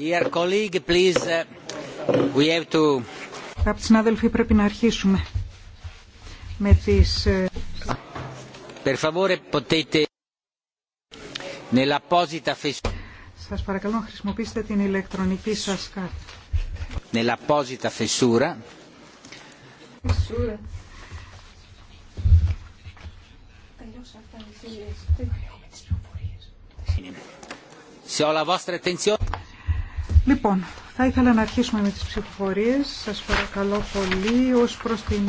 Dear colleague, please, we have to... Αγαπητοί συνάδελφοι, πρέπει να αρχίσουμε με τις... Per favore, potete... Nell'apposita Σας παρακαλώ να χρησιμοποιήσετε την ηλεκτρονική σας κάρτα. Nell'apposita fessura. Fessura. Se ho la vostra attenzione. Λοιπόν, θα ήθελα να αρχίσουμε με τις ψηφοφορίες. Σας παρακαλώ πολύ ως προς την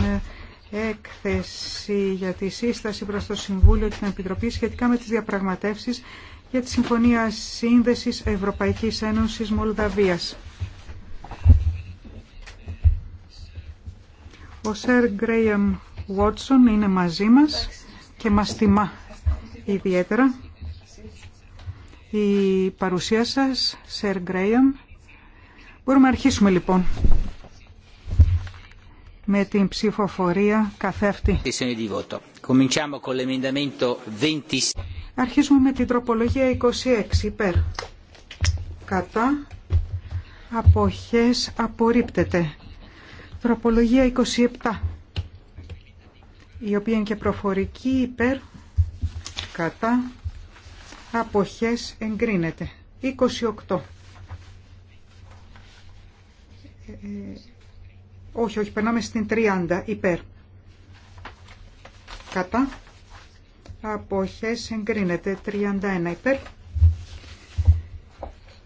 έκθεση για τη σύσταση προς το Συμβούλιο και την Επιτροπή σχετικά με τις διαπραγματεύσεις για τη Συμφωνία Σύνδεσης Ευρωπαϊκής Ένωσης Μολδαβίας. Ο Σερ Γκρέιαμ Βότσον είναι μαζί μας και μας τιμά ιδιαίτερα η παρουσία σας, Σερ Γκρέιαμ. Μπορούμε να αρχίσουμε λοιπόν με την ψηφοφορία αυτή. Αρχίζουμε με την τροπολογία 26 υπέρ. Κατά αποχές απορρίπτεται. Τροπολογία 27 η οποία είναι και προφορική υπέρ κατά αποχές εγκρίνεται. 28 ε, ε, όχι, όχι, περνάμε στην 30 υπέρ. Κατά. Αποχές εγκρίνεται 31 υπέρ.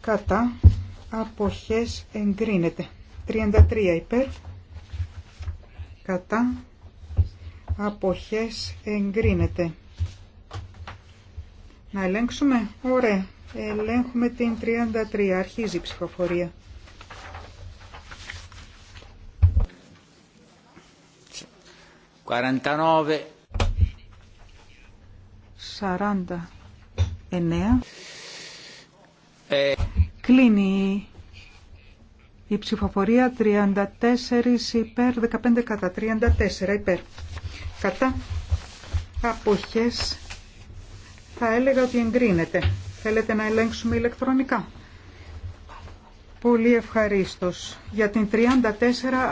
Κατά. Αποχές εγκρίνεται 33 υπέρ. Κατά. Αποχές εγκρίνεται. Να ελέγξουμε. Ωραία. Ελέγχουμε την 33. Αρχίζει η ψηφοφορία. 49 ε. Κλείνει η ψηφοφορία 34 υπέρ 15 κατά 34 υπέρ κατά αποχές θα έλεγα ότι εγκρίνεται θέλετε να ελέγξουμε ηλεκτρονικά πολύ ευχαρίστως για την 34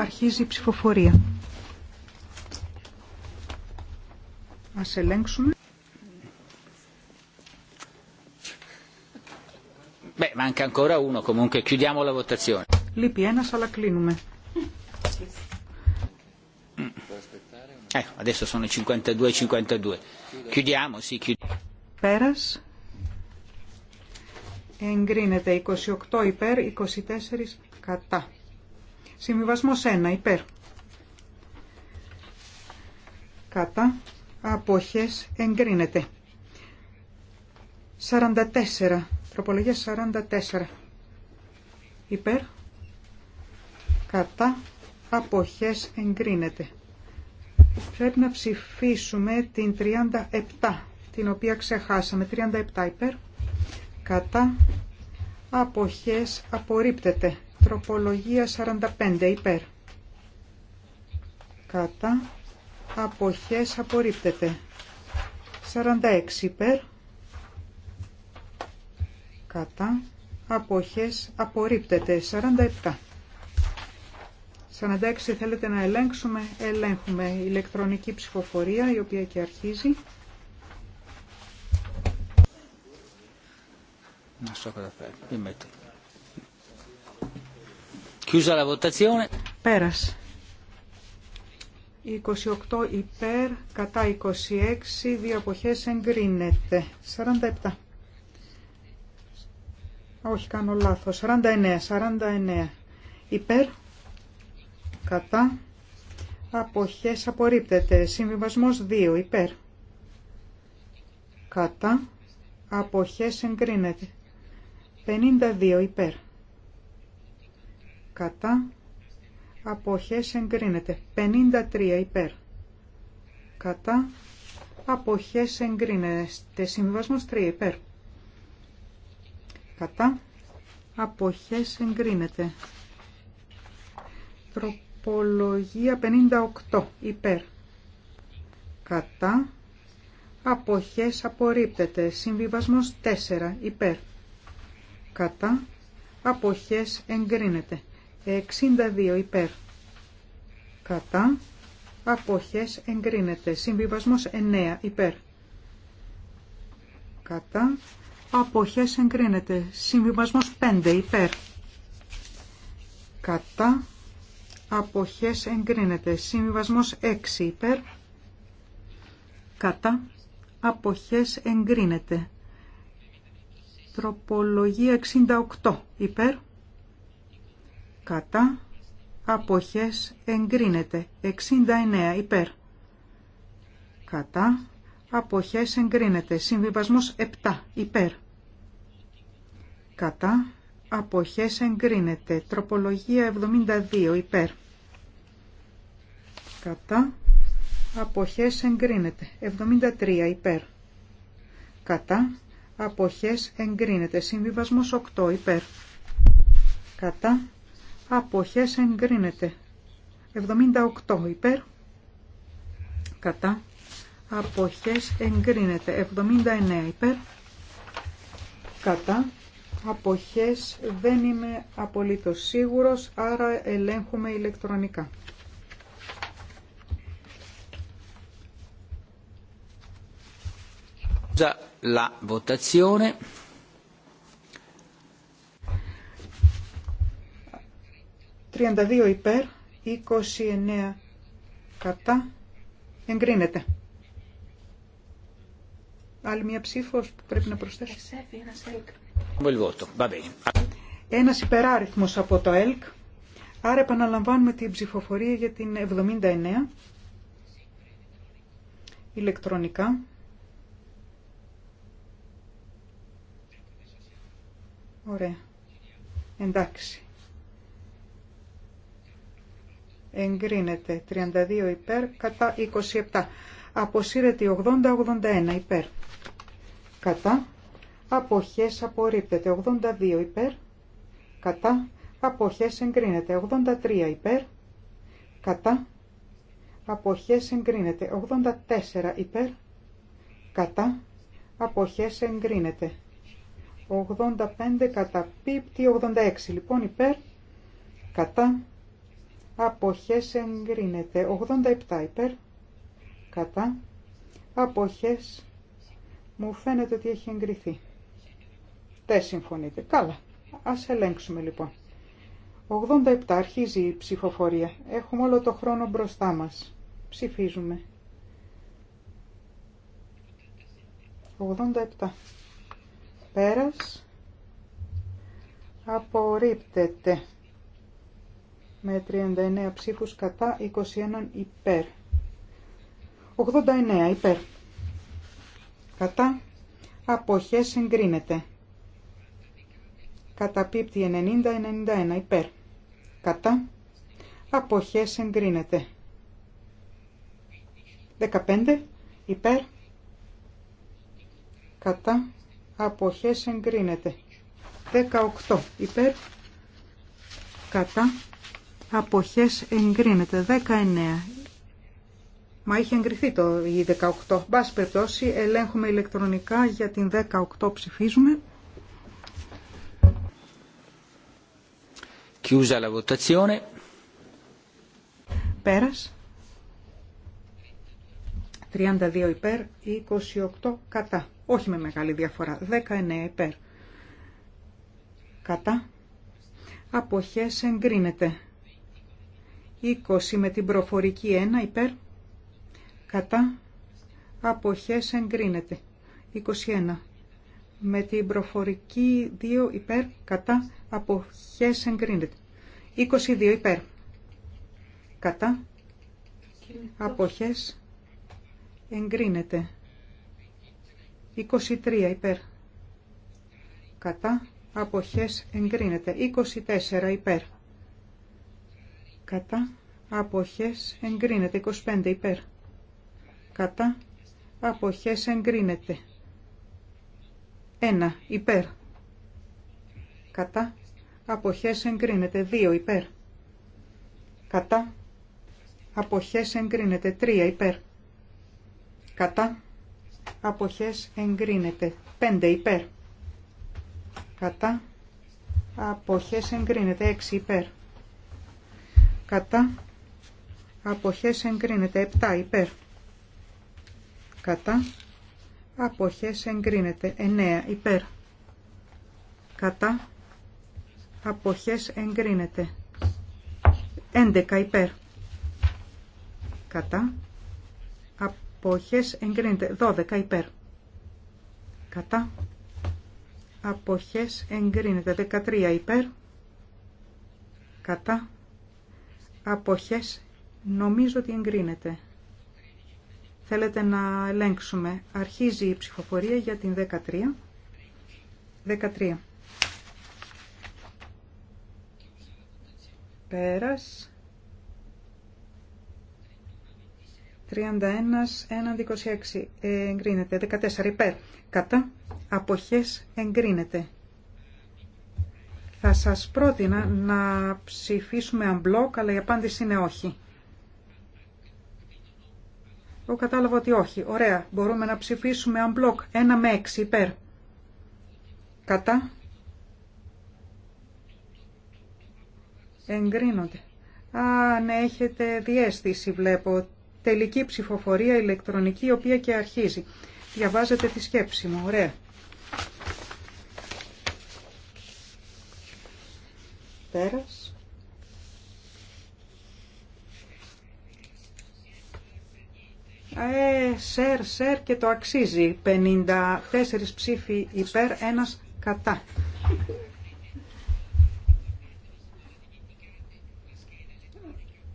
αρχίζει η ψηφοφορία Ας ελέγξουμε. Beh, manca ancora uno, comunque chiudiamo la votazione. Λείπει ένας, αλλά κλείνουμε. Ecco, adesso sono 52-52. Chiudiamo, sì, chiudiamo. Πέρας. Εγκρίνεται 28 υπέρ, 24 κατά. Συμβιβασμός 1 υπέρ. Κατά αποχές εγκρίνεται. 44. Τροπολογία 44. Υπέρ. Κατά. Αποχές εγκρίνεται. Πρέπει να ψηφίσουμε την 37, την οποία ξεχάσαμε. 37 υπέρ. Κατά. Αποχές απορρίπτεται. Τροπολογία 45 υπέρ. Κατά αποχές απορρίπτεται. 46 υπέρ κατά αποχές απορρίπτεται. 47. 46 θέλετε να ελέγξουμε, ελέγχουμε ηλεκτρονική ψηφοφορία η οποία και αρχίζει. Non la 28 υπέρ, κατά 26, δύο αποχές εγκρίνεται. 47. Όχι, κάνω λάθος. 49, 49. Υπέρ, κατά, αποχές απορρίπτεται. Συμβιβασμός 2, υπέρ. Κατά, αποχές εγκρίνεται. 52, υπέρ. Κατά, αποχές εγκρίνεται. 53 υπέρ. Κατά αποχές εγκρίνεται. Συμβασμός 3 υπέρ. Κατά αποχές εγκρίνεται. Τροπολογία 58 υπέρ. Κατά αποχές απορρίπτεται. Συμβιβασμός 4 υπέρ. Κατά αποχές εγκρίνεται. 62 υπέρ. Κατά. Αποχές εγκρίνεται. Συμβιβασμός 9 υπέρ. Κατά. Αποχές εγκρίνεται. Συμβιβασμός 5 υπέρ. Κατά. Αποχές εγκρίνεται. Συμβιβασμός 6 υπέρ. Κατά. Αποχές εγκρίνεται. Τροπολογία 68 υπέρ κατά, αποχές εγκρίνεται. 69 υπέρ, κατά, αποχές εγκρίνεται. Συμβιβασμός 7 υπέρ, κατά, αποχές εγκρίνεται. Τροπολογία 72 υπέρ, κατά, αποχές εγκρίνεται. 73 υπέρ, κατά, αποχές εγκρίνεται. Συμβιβασμός 8 υπέρ, κατά, αποχές εγκρίνεται. 78 υπέρ, κατά, αποχές εγκρίνεται. 79 υπέρ, κατά, αποχές δεν είμαι απολύτως σίγουρος, άρα ελέγχουμε ηλεκτρονικά. La votazione. 32 υπέρ, 29 κατά, εγκρίνεται. Άλλη μια ψήφος που πρέπει να προσθέσω. Ένας υπεράριθμος από το ΕΛΚ. Άρα επαναλαμβάνουμε την ψηφοφορία για την 79 ηλεκτρονικά. Ωραία. Εντάξει. εγκρίνεται 32 υπέρ κατά 27. Αποσύρεται 80-81 υπέρ κατά. Αποχές απορρίπτεται 82 υπέρ κατά. Αποχές εγκρίνεται 83 υπέρ κατά. Αποχές εγκρίνεται 84 υπέρ κατά. Αποχές εγκρίνεται 85 κατά πίπτη 86 λοιπόν υπέρ κατά αποχές εγκρίνεται. 87 υπέρ, κατά, αποχές μου φαίνεται ότι έχει εγκριθεί. Δεν συμφωνείτε. Καλά. Ας ελέγξουμε λοιπόν. 87 αρχίζει η ψηφοφορία. Έχουμε όλο το χρόνο μπροστά μας. Ψηφίζουμε. 87. Πέρας. Απορρίπτεται με 39 ψήφους κατά 21 υπέρ. 89 υπέρ. Κατά αποχές εγκρίνεται. Καταπίπτει 90-91 υπέρ. Κατά αποχές εγκρίνεται. 15 υπέρ. Κατά αποχές εγκρίνεται. 18 υπέρ. Κατά αποχές εγκρίνεται. 19. Μα είχε εγκριθεί το 18. Μπας περιπτώσει, ελέγχουμε ηλεκτρονικά για την 18 ψηφίζουμε. Chiusa la votazione. Πέρας. 32 υπέρ, 28 κατά. Όχι με μεγάλη διαφορά. 19 υπέρ. Κατά. Αποχές εγκρίνεται. 20 με την προφορική 1 υπέρ κατά αποχές εγκρίνεται. 21 με την προφορική 2 υπέρ κατά αποχές εγκρίνεται. 22 υπέρ κατά αποχές εγκρίνεται. 23 υπέρ κατά αποχές εγκρίνεται. 24 υπέρ κατά αποχές εγκρίνεται 25 υπέρ κατά αποχές εγκρίνεται 1 υπέρ κατά αποχές εγκρίνεται 2 υπέρ κατά αποχές εγκρίνεται 3 υπέρ κατά αποχές εγκρίνεται 5 υπέρ κατά αποχές εγκρίνεται 6 υπέρ κατά αποχές εγκρίνεται 7 υπέρ κατά αποχές εγκρίνεται 9 υπέρ κατά αποχές εγκρίνεται 11 υπέρ κατά αποχές εγκρίνεται 12 υπέρ κατά αποχές εγκρίνεται 13 υπέρ κατά αποχές νομίζω ότι εγκρίνεται. Θέλετε να ελέγξουμε. Αρχίζει η ψηφοφορία για την 13. 13. Πέρας. 31 έναντι 26 εγκρίνεται. 14 υπέρ. Κατά. Αποχές εγκρίνεται. Θα σας πρότεινα να ψηφίσουμε unblock, αλλά η απάντηση είναι όχι. Εγώ κατάλαβα ότι όχι. Ωραία. Μπορούμε να ψηφίσουμε unblock. Ένα με έξι υπέρ. Κατά. Εγκρίνονται. ναι, έχετε διέστηση βλέπω. Τελική ψηφοφορία ηλεκτρονική, η οποία και αρχίζει. Διαβάζετε τη σκέψη μου. Ωραία. Ε, σερ, σερ και το αξίζει. 54 ψήφοι υπέρ, ένας κατά.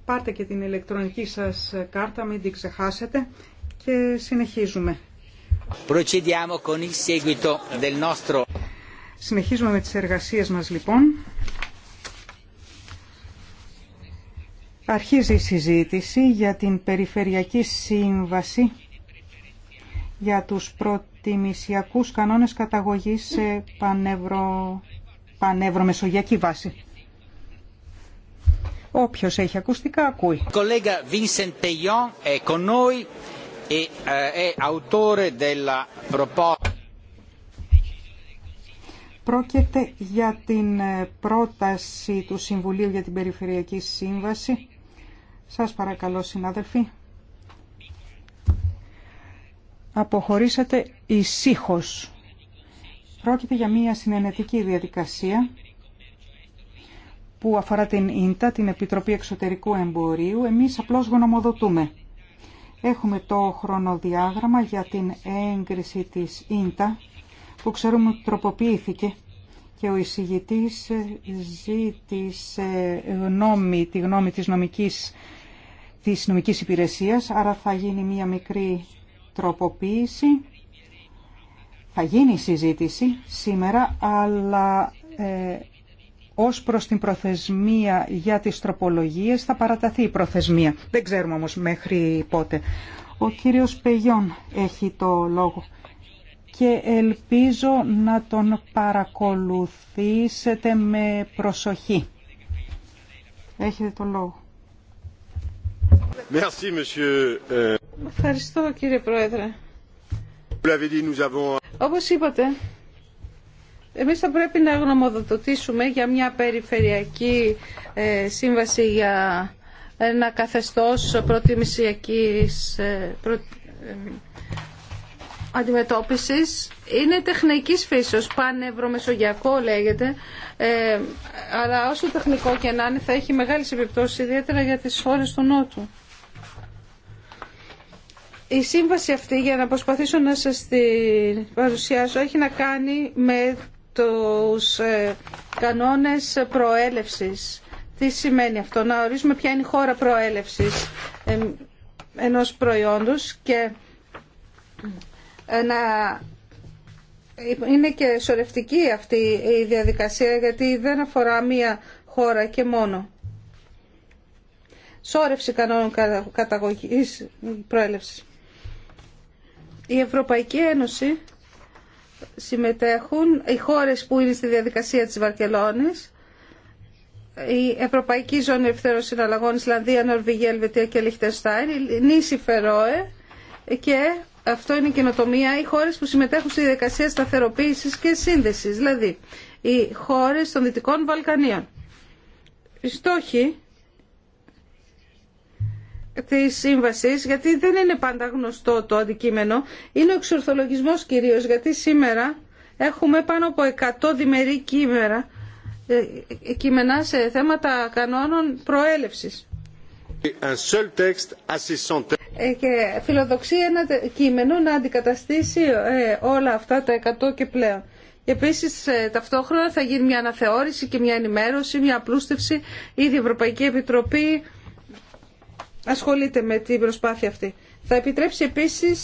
Πάρτε και την ηλεκτρονική σας κάρτα, μην την ξεχάσετε και συνεχίζουμε. Συνεχίζουμε με τις εργασίες μας λοιπόν. Αρχίζει η συζήτηση για την Περιφερειακή Σύμβαση για τους προτιμησιακούς κανόνες καταγωγής σε πανευρο... βάση. Όποιος έχει ακουστικά ακούει. Κολέγα είναι e, eh, Πρόκειται για την ε, πρόταση του Συμβουλίου για την Περιφερειακή Σύμβαση σας παρακαλώ συνάδελφοι. Αποχωρήσατε ησύχω. Πρόκειται για μια συνενετική διαδικασία που αφορά την ΙΝΤΑ, την Επιτροπή Εξωτερικού Εμπορίου. Εμείς απλώς γνωμοδοτούμε. Έχουμε το χρονοδιάγραμμα για την έγκριση της ΙΝΤΑ που ξέρουμε ότι τροποποιήθηκε και ο εισηγητής ζήτησε τη γνώμη της νομικής της νομικής υπηρεσίας, άρα θα γίνει μία μικρή τροποποίηση. Θα γίνει η συζήτηση σήμερα, αλλά ε, ως προς την προθεσμία για τις τροπολογίες θα παραταθεί η προθεσμία. Δεν ξέρουμε όμως μέχρι πότε. Ο κύριος Πεγιόν έχει το λόγο και ελπίζω να τον παρακολουθήσετε με προσοχή. Έχετε το λόγο. Euh, Ευχαριστώ κύριε Πρόεδρε. Όπως είπατε, εμείς θα πρέπει να γνωμοδοτήσουμε για μια περιφερειακή ε, σύμβαση για ένα καθεστώς προτιμησιακής ε, ε, αντιμετώπισης είναι τεχνικής φύσεως, πανευρομεσογειακό λέγεται, ε, αλλά όσο τεχνικό και να είναι θα έχει μεγάλη επιπτώσεις, ιδιαίτερα για τις χώρες του Νότου. Η σύμβαση αυτή, για να προσπαθήσω να σας την παρουσιάσω, έχει να κάνει με τους ε, κανόνες προέλευσης. Τι σημαίνει αυτό, να ορίσουμε ποια είναι η χώρα προέλευσης ε, ενός προϊόντος και ε, να είναι και σωρευτική αυτή η διαδικασία γιατί δεν αφορά μία χώρα και μόνο. Σόρευση κανόνων καταγωγής προέλευσης. Η Ευρωπαϊκή Ένωση συμμετέχουν οι χώρες που είναι στη διαδικασία της Βαρκελόνης η Ευρωπαϊκή Ζώνη Ευθέρων Συναλλαγών Ισλανδία, Νορβηγία, Ελβετία και Λιχτεστάιν, η νήσι Φερόε και αυτό είναι η καινοτομία, οι χώρες που συμμετέχουν στη διαδικασία σταθεροποίησης και σύνδεσης, δηλαδή οι χώρες των Δυτικών Βαλκανίων. Οι στόχοι της σύμβασης, γιατί δεν είναι πάντα γνωστό το αντικείμενο, είναι ο εξορθολογισμός κυρίως, γιατί σήμερα έχουμε πάνω από 100 διμερή ε, κείμενα σε θέματα κανόνων προέλευσης. Ε, και φιλοδοξεί ένα κείμενο να αντικαταστήσει ε, όλα αυτά τα 100 και πλέον. Επίση, ε, ταυτόχρονα θα γίνει μια αναθεώρηση και μια ενημέρωση, μια απλούστευση. Ήδη η Ευρωπαϊκή Επιτροπή ασχολείται με την προσπάθεια αυτή. Θα επιτρέψει επίση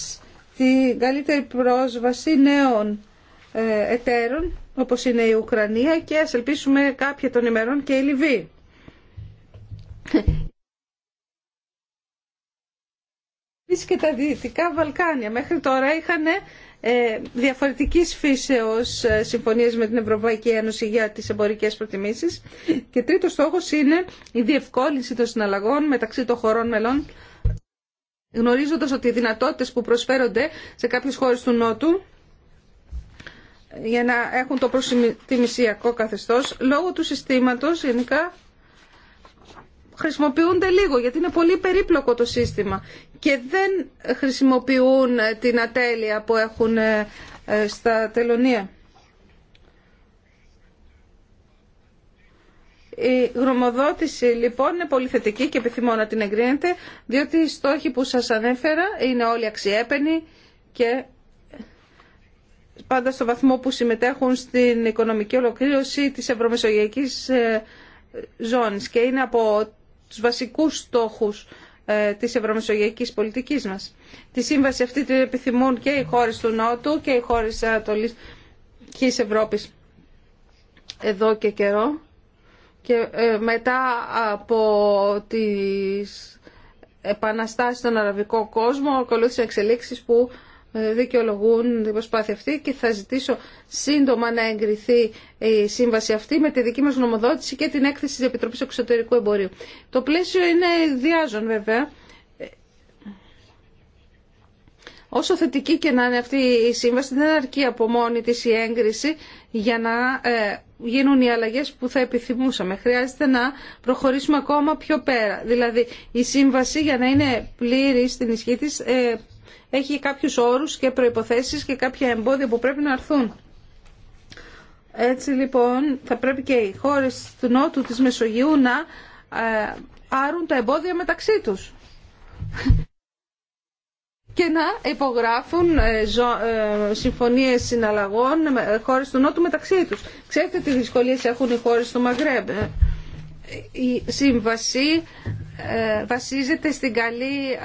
την καλύτερη πρόσβαση νέων εταίρων, όπω είναι η Ουκρανία και α ελπίσουμε κάποια των ημερών και η Λιβύη. και τα Δυτικά Βαλκάνια. Μέχρι τώρα είχαν ε, διαφορετικής φύσεως ε, συμφωνίες με την Ευρωπαϊκή Ένωση για τις εμπορικές προτιμήσεις. Και τρίτος στόχος είναι η διευκόλυνση των συναλλαγών μεταξύ των χωρών μελών, γνωρίζοντας ότι οι δυνατότητες που προσφέρονται σε κάποιες χώρες του Νότου ε, για να έχουν το προσημισιακό καθεστώς, λόγω του συστήματος γενικά χρησιμοποιούνται λίγο γιατί είναι πολύ περίπλοκο το σύστημα και δεν χρησιμοποιούν την ατέλεια που έχουν ε, ε, στα τελωνία. Η γνωμοδότηση λοιπόν είναι πολύ θετική και επιθυμώ να την εγκρίνετε διότι οι στόχοι που σας ανέφερα είναι όλοι αξιέπαινοι και πάντα στο βαθμό που συμμετέχουν στην οικονομική ολοκλήρωση της ευρωμεσογειακής ε, ζώνης και είναι από τους βασικούς στόχους ε, της ευρωμεσογειακής πολιτικής μας. Τη σύμβαση αυτή την επιθυμούν και οι χώρες του Νότου και οι χώρες της Ανατολής Ευρώπης εδώ και καιρό και ε, μετά από τις επαναστάσεις στον αραβικό κόσμο ακολούθησαν εξελίξεις που δικαιολογούν την προσπάθεια αυτή και θα ζητήσω σύντομα να εγκριθεί η σύμβαση αυτή με τη δική μας νομοδότηση και την έκθεση της Επιτροπής Εξωτερικού Εμπορίου. Το πλαίσιο είναι διάζων βέβαια. Όσο θετική και να είναι αυτή η σύμβαση, δεν αρκεί από μόνη της η έγκριση για να ε, γίνουν οι αλλαγές που θα επιθυμούσαμε. Χρειάζεται να προχωρήσουμε ακόμα πιο πέρα. Δηλαδή, η σύμβαση για να είναι πλήρη στην ισχύ της ε, έχει κάποιους όρους και προϋποθέσεις και κάποια εμπόδια που πρέπει να αρθούν. Έτσι λοιπόν θα πρέπει και οι χώρες του Νότου της Μεσογείου να ε, άρουν τα εμπόδια μεταξύ τους και να υπογράφουν ε, ε, συμφωνίες συναλλαγών με χώρες του Νότου μεταξύ τους. Ξέρετε τι δυσκολίες έχουν οι χώρες του Μαγκρέμπ. Η σύμβαση βασίζεται στην καλή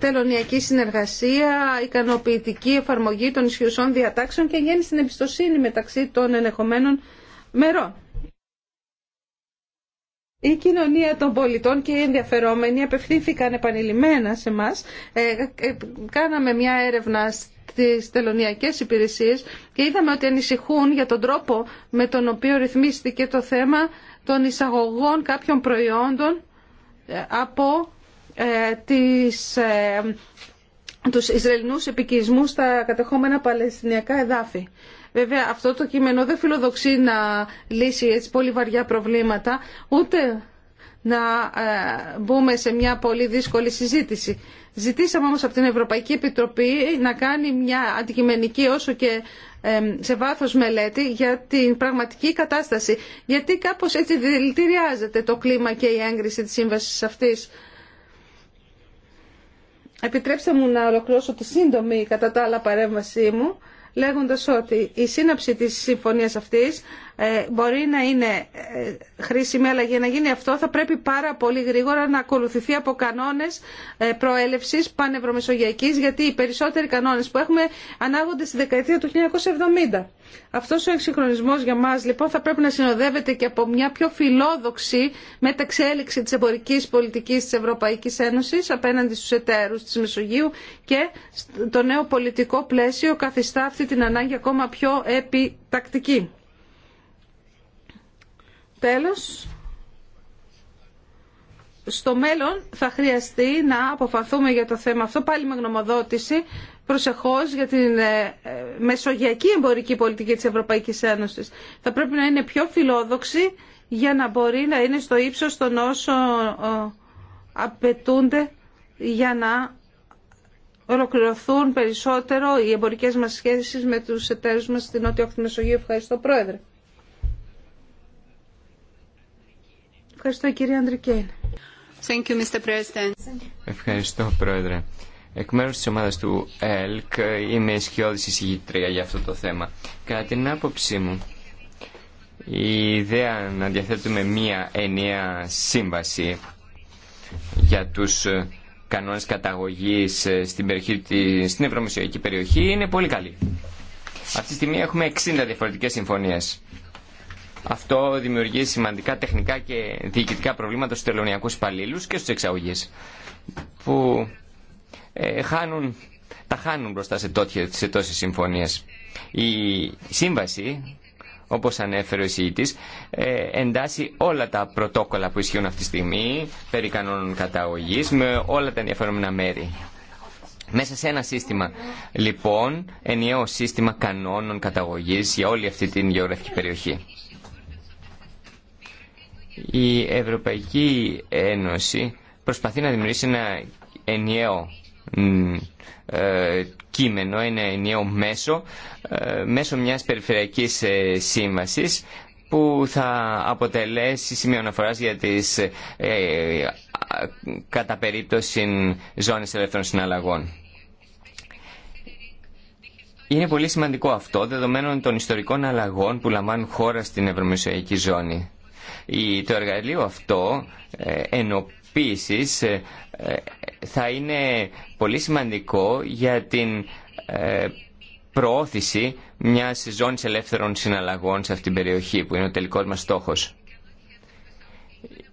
τελωνιακή συνεργασία, ικανοποιητική εφαρμογή των ισχυρών διατάξεων και γέννη στην εμπιστοσύνη μεταξύ των ενεχομένων μερών. Η κοινωνία των πολιτών και οι ενδιαφερόμενοι απευθύνθηκαν επανειλημμένα σε εμά. Ε, ε, κάναμε μια έρευνα στις τελωνιακές υπηρεσίες και είδαμε ότι ανησυχούν για τον τρόπο με τον οποίο ρυθμίστηκε το θέμα των εισαγωγών κάποιων προϊόντων ε, από ε, της, ε, τους Ισραηλινούς επικισμούς στα κατεχόμενα Παλαιστινιακά εδάφη. Βέβαια αυτό το κείμενο δεν φιλοδοξεί να λύσει έτσι πολύ βαριά προβλήματα, ούτε να ε, μπούμε σε μια πολύ δύσκολη συζήτηση. Ζητήσαμε όμως από την Ευρωπαϊκή Επιτροπή να κάνει μια αντικειμενική όσο και σε βάθος μελέτη για την πραγματική κατάσταση. Γιατί κάπως έτσι δηλητηριάζεται το κλίμα και η έγκριση της σύμβασης αυτής Επιτρέψτε μου να ολοκληρώσω τη σύντομη κατά τα άλλα παρέμβασή μου, λέγοντας ότι η σύναψη της συμφωνίας αυτής ε, μπορεί να είναι ε, χρήσιμη, αλλά για να γίνει αυτό θα πρέπει πάρα πολύ γρήγορα να ακολουθηθεί από κανόνες ε, προέλευση πανευρωμεσογειακή, γιατί οι περισσότεροι κανόνε που έχουμε ανάγονται στη δεκαετία του 1970. Αυτό ο εξυγχρονισμό για μα λοιπόν θα πρέπει να συνοδεύεται και από μια πιο φιλόδοξη μεταξέλιξη τη εμπορική πολιτική τη Ευρωπαϊκή Ένωση, απέναντι στου εταίρου τη Μεσογείου και το νέο πολιτικό πλαίσιο καθιστά αυτή την ανάγκη ακόμα πιο επιτακτική. Τέλος, στο μέλλον θα χρειαστεί να αποφαθούμε για το θέμα αυτό πάλι με γνωμοδότηση προσεχώς για την ε, ε, μεσογειακή εμπορική πολιτική της Ευρωπαϊκής Ένωσης. Θα πρέπει να είναι πιο φιλόδοξη για να μπορεί να είναι στο ύψος των όσων απαιτούνται για να ολοκληρωθούν περισσότερο οι εμπορικές μας σχέσεις με τους εταίρους μας στην Νότια Μεσογείο. Ευχαριστώ Πρόεδρε. Ευχαριστώ κύριε Ανδρικέν. Thank you, Mr. President. Ευχαριστώ πρόεδρε. Εκ μέρους της ομάδας του ΕΛΚ είμαι ισχυώδης εισηγητρία για αυτό το θέμα. Κατά την άποψή μου, η ιδέα να διαθέτουμε μία ενιαία σύμβαση για τους κανόνες καταγωγής ε, στην, περιοχή, στην ευρωμεσογειακή περιοχή είναι πολύ καλή. Αυτή τη στιγμή έχουμε 60 διαφορετικές συμφωνίες αυτό δημιουργεί σημαντικά τεχνικά και διοικητικά προβλήματα στους τελωνιακούς υπαλλήλους και στους εξαγωγείς που ε, χάνουν, τα χάνουν μπροστά σε, τότια, σε τόσες συμφωνίες. Η σύμβαση, όπως ανέφερε ο εισηγητής, ε, εντάσσει όλα τα πρωτόκολλα που ισχύουν αυτή τη στιγμή περί κανόνων καταγωγής με όλα τα ενδιαφέρομενα μέρη. Μέσα σε ένα σύστημα, λοιπόν, ενιαίο σύστημα κανόνων καταγωγής για όλη αυτή την γεωγραφική περιοχή. Η Ευρωπαϊκή Ένωση προσπαθεί να δημιουργήσει ένα ενιαίο ε, κείμενο, ένα ενιαίο μέσο, ε, μέσω μιας περιφερειακής ε, σύμβασης που θα αποτελέσει σημείο αναφοράς για τις κατά περίπτωση ζώνες ελεύθερων συναλλαγών. Είναι πολύ σημαντικό αυτό, δεδομένων των ιστορικών αλλαγών που λαμβάνουν χώρα στην Ευρωμεσογειακή ζώνη. Το εργαλείο αυτό ε, ενοποίησης ε, θα είναι πολύ σημαντικό για την ε, προώθηση μιας ζώνης ελεύθερων συναλλαγών σε αυτήν την περιοχή που είναι ο τελικός μας στόχος.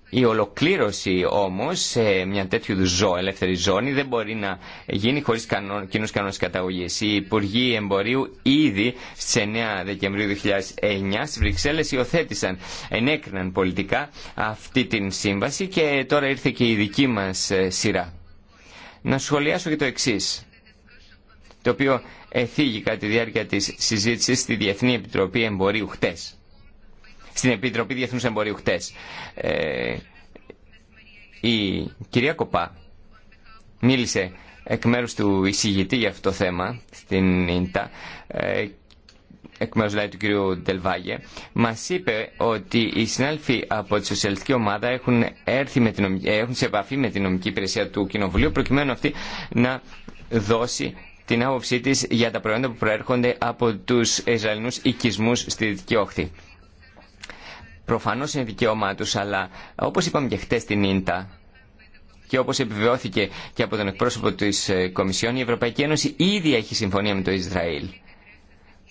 Η ολοκλήρωση όμως σε μια τέτοιου ζώ, ελεύθερη ζώνη δεν μπορεί να γίνει χωρίς κοινού κοινούς κανόνες καταγωγής. Οι Υπουργοί Εμπορίου ήδη στις 9 Δεκεμβρίου 2009 στις Βρυξέλλες υιοθέτησαν, ενέκριναν πολιτικά αυτή την σύμβαση και τώρα ήρθε και η δική μας ε, σειρά. Να σχολιάσω και το εξή, το οποίο κατά τη διάρκεια της συζήτησης στη Διεθνή Επιτροπή Εμπορίου χτες στην Επιτροπή Διεθνούς Εμπορίου χτες. Ε, η κυρία Κοπά μίλησε εκ μέρους του εισηγητή για αυτό το θέμα στην ΙΝΤΑ ε, εκ μέρους δηλαδή του κυρίου Ντελβάγε μας είπε ότι οι συνάλφοι από τη σοσιαλιστική ομάδα έχουν, έρθει με την, ε, έχουν σε επαφή με την νομική υπηρεσία του Κοινοβουλίου προκειμένου αυτή να δώσει την άποψή της για τα προϊόντα που προέρχονται από τους Ισραηλινούς οικισμούς στη Δυτική Όχθη. Προφανώς είναι δικαίωμά αλλά όπως είπαμε και χτες στην Ίντα και όπως επιβεβαιώθηκε και από τον εκπρόσωπο της ε, Κομισιόν, η Ευρωπαϊκή Ένωση ήδη έχει συμφωνία με το Ισραήλ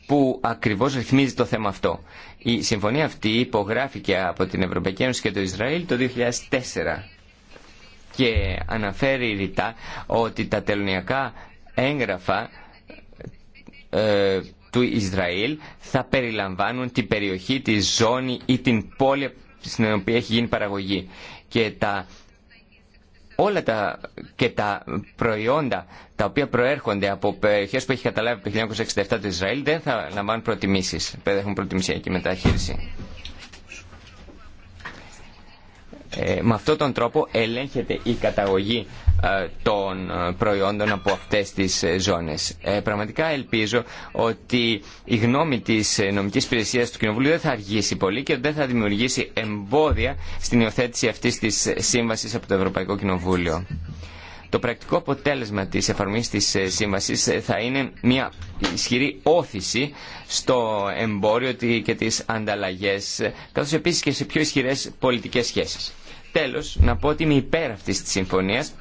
που ακριβώς ρυθμίζει το θέμα αυτό. Η συμφωνία αυτή υπογράφηκε από την Ευρωπαϊκή Ένωση και το Ισραήλ το 2004 και αναφέρει ρητά ότι τα τελωνιακά έγγραφα ε, του Ισραήλ θα περιλαμβάνουν την περιοχή, τη ζώνη ή την πόλη στην οποία έχει γίνει παραγωγή. Και τα, όλα τα, και τα προϊόντα τα οποία προέρχονται από περιοχές που έχει καταλάβει το 1967 το Ισραήλ δεν θα λαμβάνουν προτιμήσεις, δεν έχουν προτιμησιακή μεταχείριση. Ε, με αυτόν τον τρόπο ελέγχεται η καταγωγή ε, των ε, προϊόντων από αυτές τις ε, ζώνες. Πραγματικά ελπίζω ότι η γνώμη της νομικής υπηρεσία του Κοινοβουλίου δεν θα αργήσει πολύ και δεν θα δημιουργήσει εμπόδια στην υιοθέτηση αυτής της σύμβασης από το Ευρωπαϊκό Κοινοβούλιο. Το πρακτικό αποτέλεσμα της εφαρμογής της σύμβασης θα είναι μια ισχυρή όθηση στο εμπόριο και τις ανταλλαγές, καθώς επίσης και σε πιο ισχυρές πολιτικές σχέσεις. Τέλος, να πω ότι είμαι υπέρ αυτής της συμφωνίας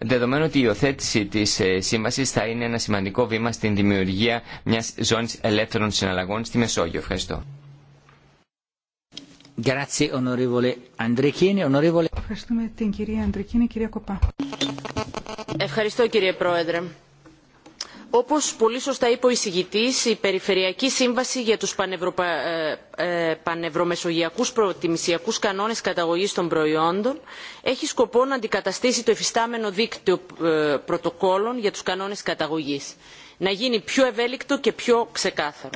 δεδομένου ότι η υιοθέτηση της ε, σύμβασης θα είναι ένα σημαντικό βήμα στην δημιουργία μιας ζώνης ελεύθερων συναλλαγών στη Μεσόγειο. Ευχαριστώ. Ευχαριστούμε την κυρία Αντρικίνη, κυρία Κοπά. Ευχαριστώ κύριε Πρόεδρε όπως πολύ σωστά είπε ο εισηγητής η περιφερειακή σύμβαση για τους πανευρωπα... Ε, ε, πανευρωμεσογειακούς προτιμησιακούς κανόνες καταγωγής των προϊόντων έχει σκοπό να αντικαταστήσει το εφιστάμενο δίκτυο ε, πρωτοκόλων για τους κανόνες καταγωγής να γίνει πιο ευέλικτο και πιο ξεκάθαρο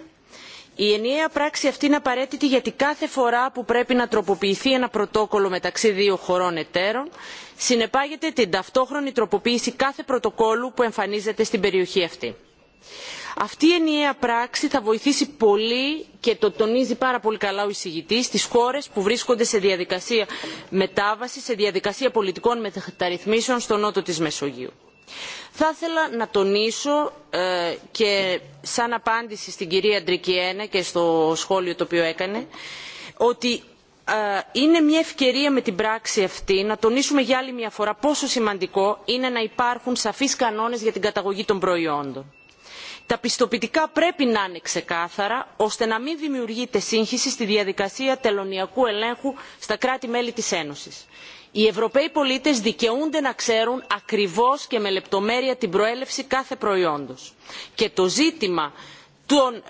η ενιαία πράξη αυτή είναι απαραίτητη γιατί κάθε φορά που πρέπει να τροποποιηθεί ένα πρωτόκολλο μεταξύ δύο χωρών εταίρων συνεπάγεται την ταυτόχρονη τροποποίηση κάθε πρωτοκόλλου που εμφανίζεται στην περιοχή αυτή. αυτή η ενιαία πράξη θα βοηθήσει πολύ και το τονίζει πάρα πολύ καλά ο εισηγητής τις χώρες που βρίσκονται σε διαδικασία μετάβασης σε διαδικασία πολιτικών μεταρρυθμίσεων στο νότο της μεσογείου θα ήθελα να τονίσω ε, και σαν απάντηση στην κυρία Ντρικιένα και στο σχόλιο το οποίο έκανε ότι ε, είναι μια ευκαιρία με την πράξη αυτή να τονίσουμε για άλλη μια φορά πόσο σημαντικό είναι να υπάρχουν σαφείς κανόνες για την καταγωγή των προϊόντων. Τα πιστοποιητικά πρέπει να είναι ξεκάθαρα ώστε να μην δημιουργείται σύγχυση στη διαδικασία τελωνιακού ελέγχου στα κράτη-μέλη της Ένωσης οι ευρωπαίοι πολίτες δικαιούνται να ξέρουν ακριβώς και με λεπτομέρεια την προέλευση κάθε προϊόντος και το ζήτημα ε, του,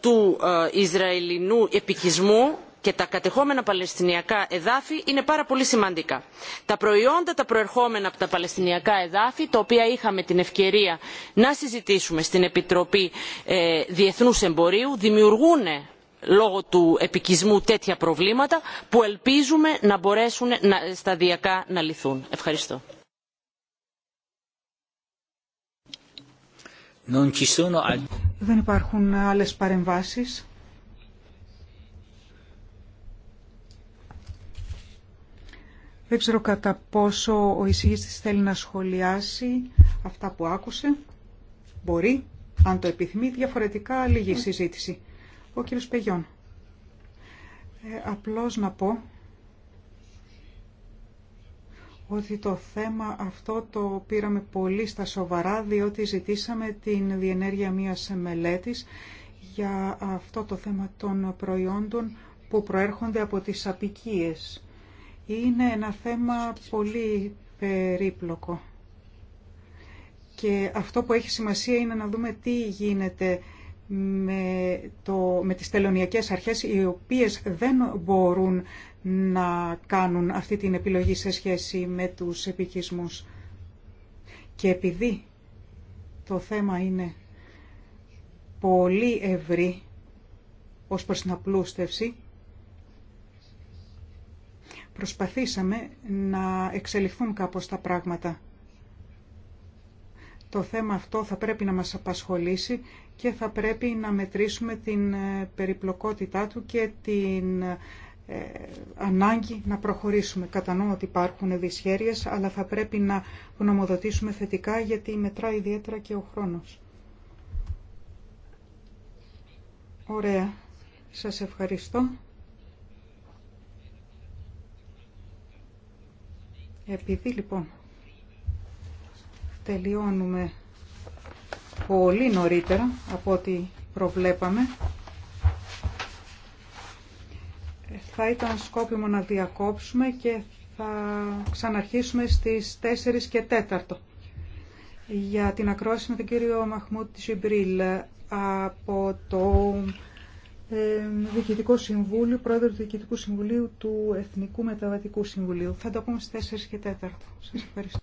του ε, ισραηλινού επικισμού και τα κατεχόμενα παλαιστινιακά εδάφη είναι πάρα πολύ σημαντικά. τα προϊόντα τα προερχόμενα από τα παλαιστινιακά εδάφη τα οποία είχαμε την ευκαιρία να συζητήσουμε στην επιτροπή ε, διεθνούς εμπορίου δημιουργούν λόγω του επικισμού τέτοια προβλήματα που ελπίζουμε να μπορέσουν να, σταδιακά να λυθούν. Ευχαριστώ. Δεν υπάρχουν άλλες παρεμβάσεις. Δεν ξέρω κατά πόσο ο εισηγητής θέλει να σχολιάσει αυτά που άκουσε. Μπορεί, αν το επιθυμεί, διαφορετικά λίγη συζήτηση. Ο κύριος Πεγιών. Ε, απλώς να πω ότι το θέμα αυτό το πήραμε πολύ στα σοβαρά διότι ζητήσαμε την διενέργεια μιας μελέτης για αυτό το θέμα των προϊόντων που προέρχονται από τις απικίες. Είναι ένα θέμα πολύ περίπλοκο. Και αυτό που έχει σημασία είναι να δούμε τι γίνεται με, το, με τις τελωνιακές αρχές οι οποίες δεν μπορούν να κάνουν αυτή την επιλογή σε σχέση με τους επικισμούς. Και επειδή το θέμα είναι πολύ ευρύ ως προς την απλούστευση, προσπαθήσαμε να εξελιχθούν κάπως τα πράγματα. Το θέμα αυτό θα πρέπει να μας απασχολήσει και θα πρέπει να μετρήσουμε την ε, περιπλοκότητά του και την ε, ανάγκη να προχωρήσουμε. Κατανοώ ότι υπάρχουν δυσχέρειες, αλλά θα πρέπει να γνωμοδοτήσουμε θετικά γιατί μετράει ιδιαίτερα και ο χρόνος. Ωραία. Σας ευχαριστώ. Επειδή λοιπόν τελειώνουμε πολύ νωρίτερα από ό,τι προβλέπαμε. Θα ήταν σκόπιμο να διακόψουμε και θα ξαναρχίσουμε στις 4 και 4 για την ακρόαση με τον κύριο Μαχμούτ Τσιμπρίλ από το ε, Διοικητικό Συμβούλιο, πρόεδρο του Διοικητικού Συμβουλίου του Εθνικού Μεταβατικού Συμβουλίου. Θα το πούμε στις 4 και 4. Σας ευχαριστώ.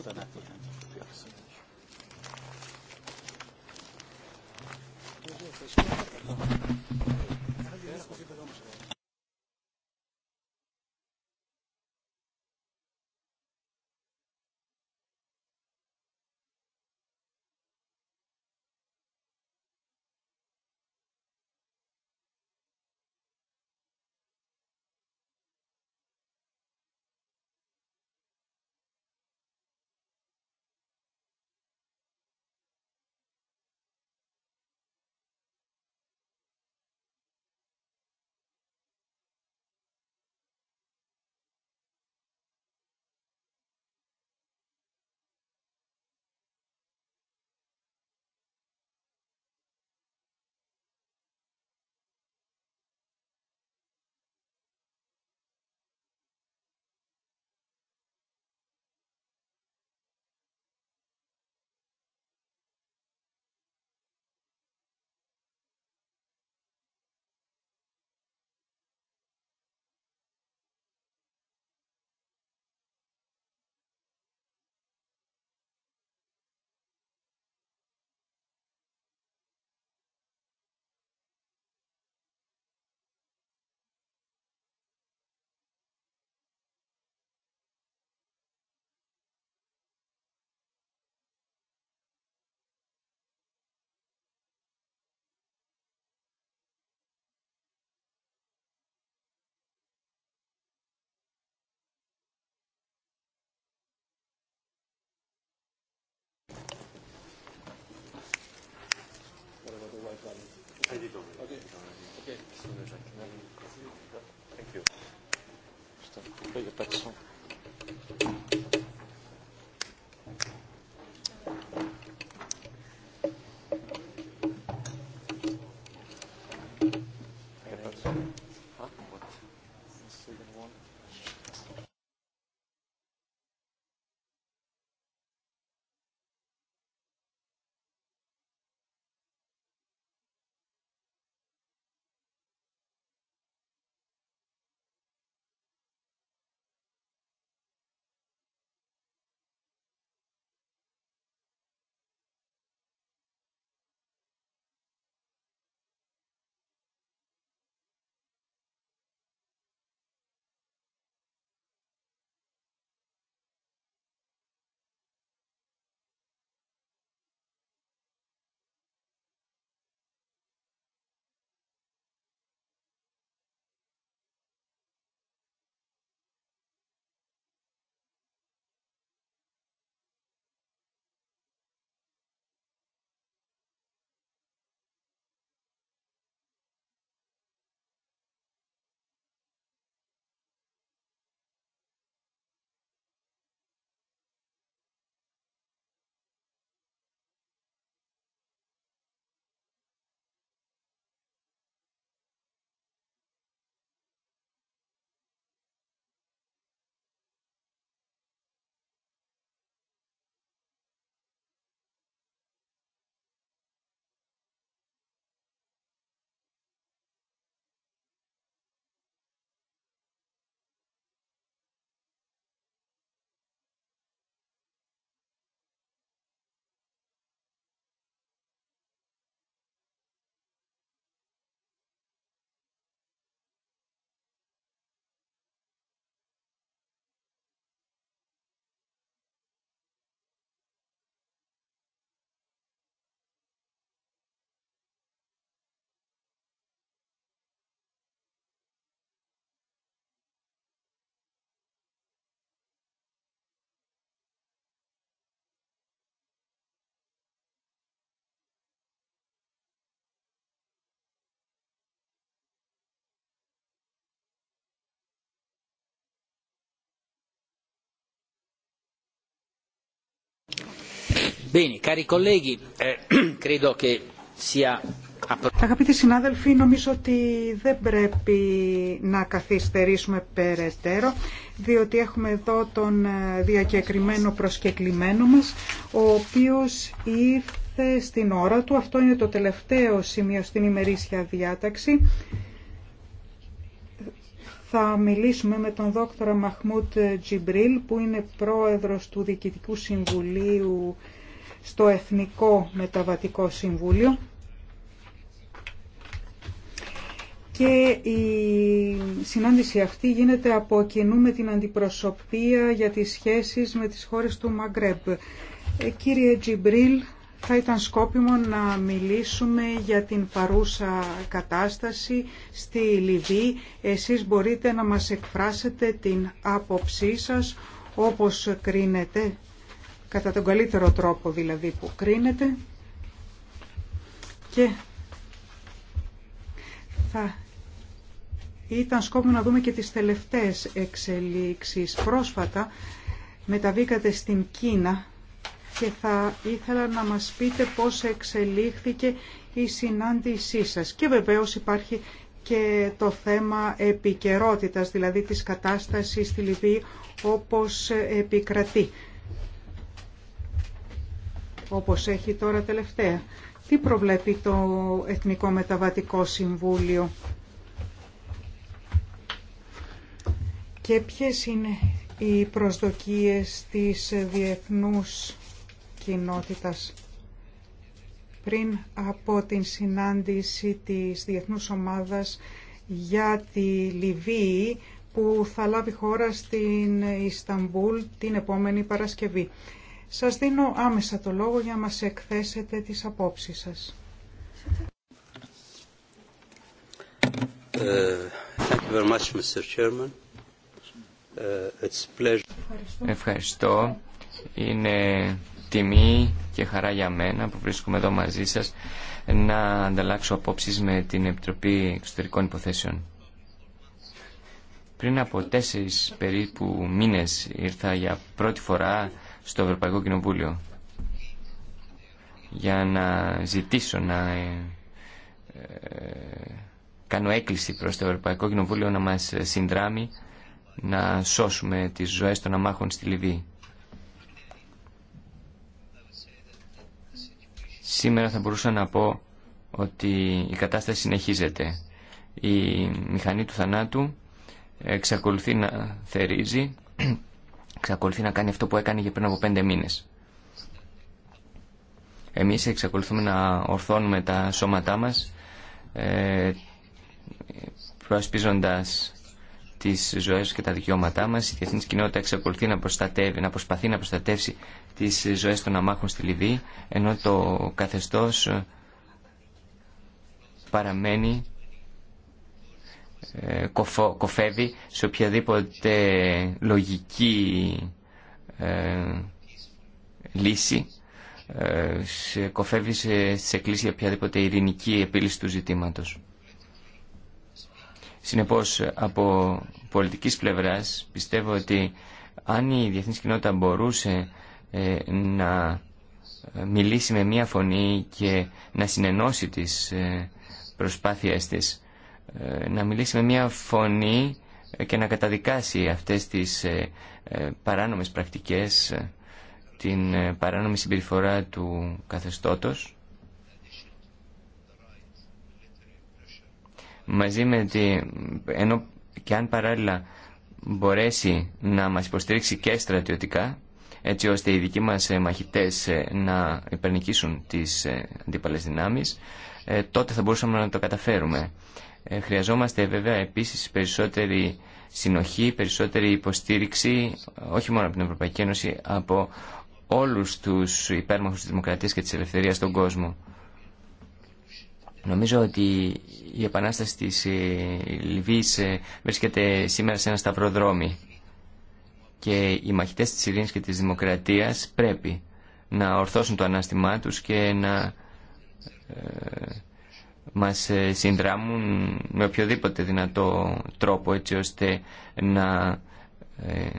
Ευχαριστώ. Σας ευχαριστώ. Bene, cari colleghi, eh, credo συνάδελφοι, νομίζω ότι δεν πρέπει να καθυστερήσουμε περαιτέρω, διότι έχουμε εδώ τον ε, διακεκριμένο προσκεκλημένο μας, ο οποίος ήρθε στην ώρα του. Αυτό είναι το τελευταίο σημείο στην ημερήσια διάταξη. Θα μιλήσουμε με τον δόκτωρα Μαχμούτ Τζιμπρίλ, που είναι πρόεδρος του Διοικητικού Συμβουλίου στο Εθνικό Μεταβατικό Συμβούλιο και η συνάντηση αυτή γίνεται από κοινού με την αντιπροσωπεία για τις σχέσεις με τις χώρες του Μαγκρέμπ. Ε, κύριε Τζιμπρίλ, θα ήταν σκόπιμο να μιλήσουμε για την παρούσα κατάσταση στη Λιβύη. Εσείς μπορείτε να μας εκφράσετε την άποψή σας όπως κρίνετε κατά τον καλύτερο τρόπο δηλαδή που κρίνεται και θα ήταν σκόπιμο να δούμε και τις τελευταίες εξελίξεις. Πρόσφατα μεταβήκατε στην Κίνα και θα ήθελα να μας πείτε πώς εξελίχθηκε η συνάντησή σας. Και βεβαίως υπάρχει και το θέμα επικαιρότητας, δηλαδή της κατάστασης στη Λιβύη όπως επικρατεί όπως έχει τώρα τελευταία. Τι προβλέπει το Εθνικό Μεταβατικό Συμβούλιο και ποιες είναι οι προσδοκίες της διεθνούς κοινότητας. Πριν από την συνάντηση της Διεθνούς Ομάδας για τη Λιβύη που θα λάβει χώρα στην Ισταμπούλ την επόμενη Παρασκευή. Σας δίνω άμεσα το λόγο για να μας εκθέσετε τις απόψεις σας. Ε, ε, Ευχαριστώ. Είναι τιμή και χαρά για μένα που βρίσκομαι εδώ μαζί σας να ανταλλάξω απόψεις με την Επιτροπή Εξωτερικών Υποθέσεων. Πριν από τέσσερις περίπου μήνες ήρθα για πρώτη φορά στο Ευρωπαϊκό Κοινοβούλιο για να ζητήσω να ε, ε, κάνω έκκληση προς το Ευρωπαϊκό Κοινοβούλιο να μας συνδράμει να σώσουμε τις ζωές των αμάχων στη Λιβύη. Σήμερα θα μπορούσα να πω ότι η κατάσταση συνεχίζεται. Η μηχανή του θανάτου εξακολουθεί να θερίζει εξακολουθεί να κάνει αυτό που έκανε για πριν από πέντε μήνες. Εμείς εξακολουθούμε να ορθώνουμε τα σώματά μας ε, προασπίζοντας τις ζωές και τα δικαιώματά μας. Η διεθνής κοινότητα εξακολουθεί να, προστατεύει, να προσπαθεί να προστατεύσει τις ζωές των αμάχων στη Λιβύη ενώ το καθεστώς παραμένει ε, κοφεύει σε οποιαδήποτε λογική ε, λύση ε, σε, κοφεύει σε, σε κλίση για οποιαδήποτε ειρηνική επίλυση του ζητήματος. Συνεπώς, από πολιτικής πλευράς, πιστεύω ότι αν η διεθνής κοινότητα μπορούσε να μιλήσει με μία φωνή και να συνενώσει τις ε, προσπάθειές της ε, να μιλήσει με μια φωνή και να καταδικάσει αυτές τις ε, ε, παράνομες πρακτικές, την παράνομη συμπεριφορά του καθεστώτος. Μαζί με τη, ενώ και αν παράλληλα μπορέσει να μας υποστηρίξει και στρατιωτικά, έτσι ώστε οι δικοί μας μαχητές να υπερνικήσουν τις αντίπαλες δυνάμεις, τότε θα μπορούσαμε να το καταφέρουμε. Ε, χρειαζόμαστε βέβαια επίσης περισσότερη συνοχή, περισσότερη υποστήριξη, όχι μόνο από την Ευρωπαϊκή Ένωση, από όλους τους υπέρμαχους της δημοκρατίας και της ελευθερίας στον κόσμο. Νομίζω ότι η επανάσταση της ε, Λιβύης ε, βρίσκεται σήμερα σε ένα σταυροδρόμι και οι μαχητές της ειρήνης και της δημοκρατίας πρέπει να ορθώσουν το ανάστημά τους και να μας ε, συνδράμουν με οποιοδήποτε δυνατό τρόπο έτσι ώστε να ε, ε,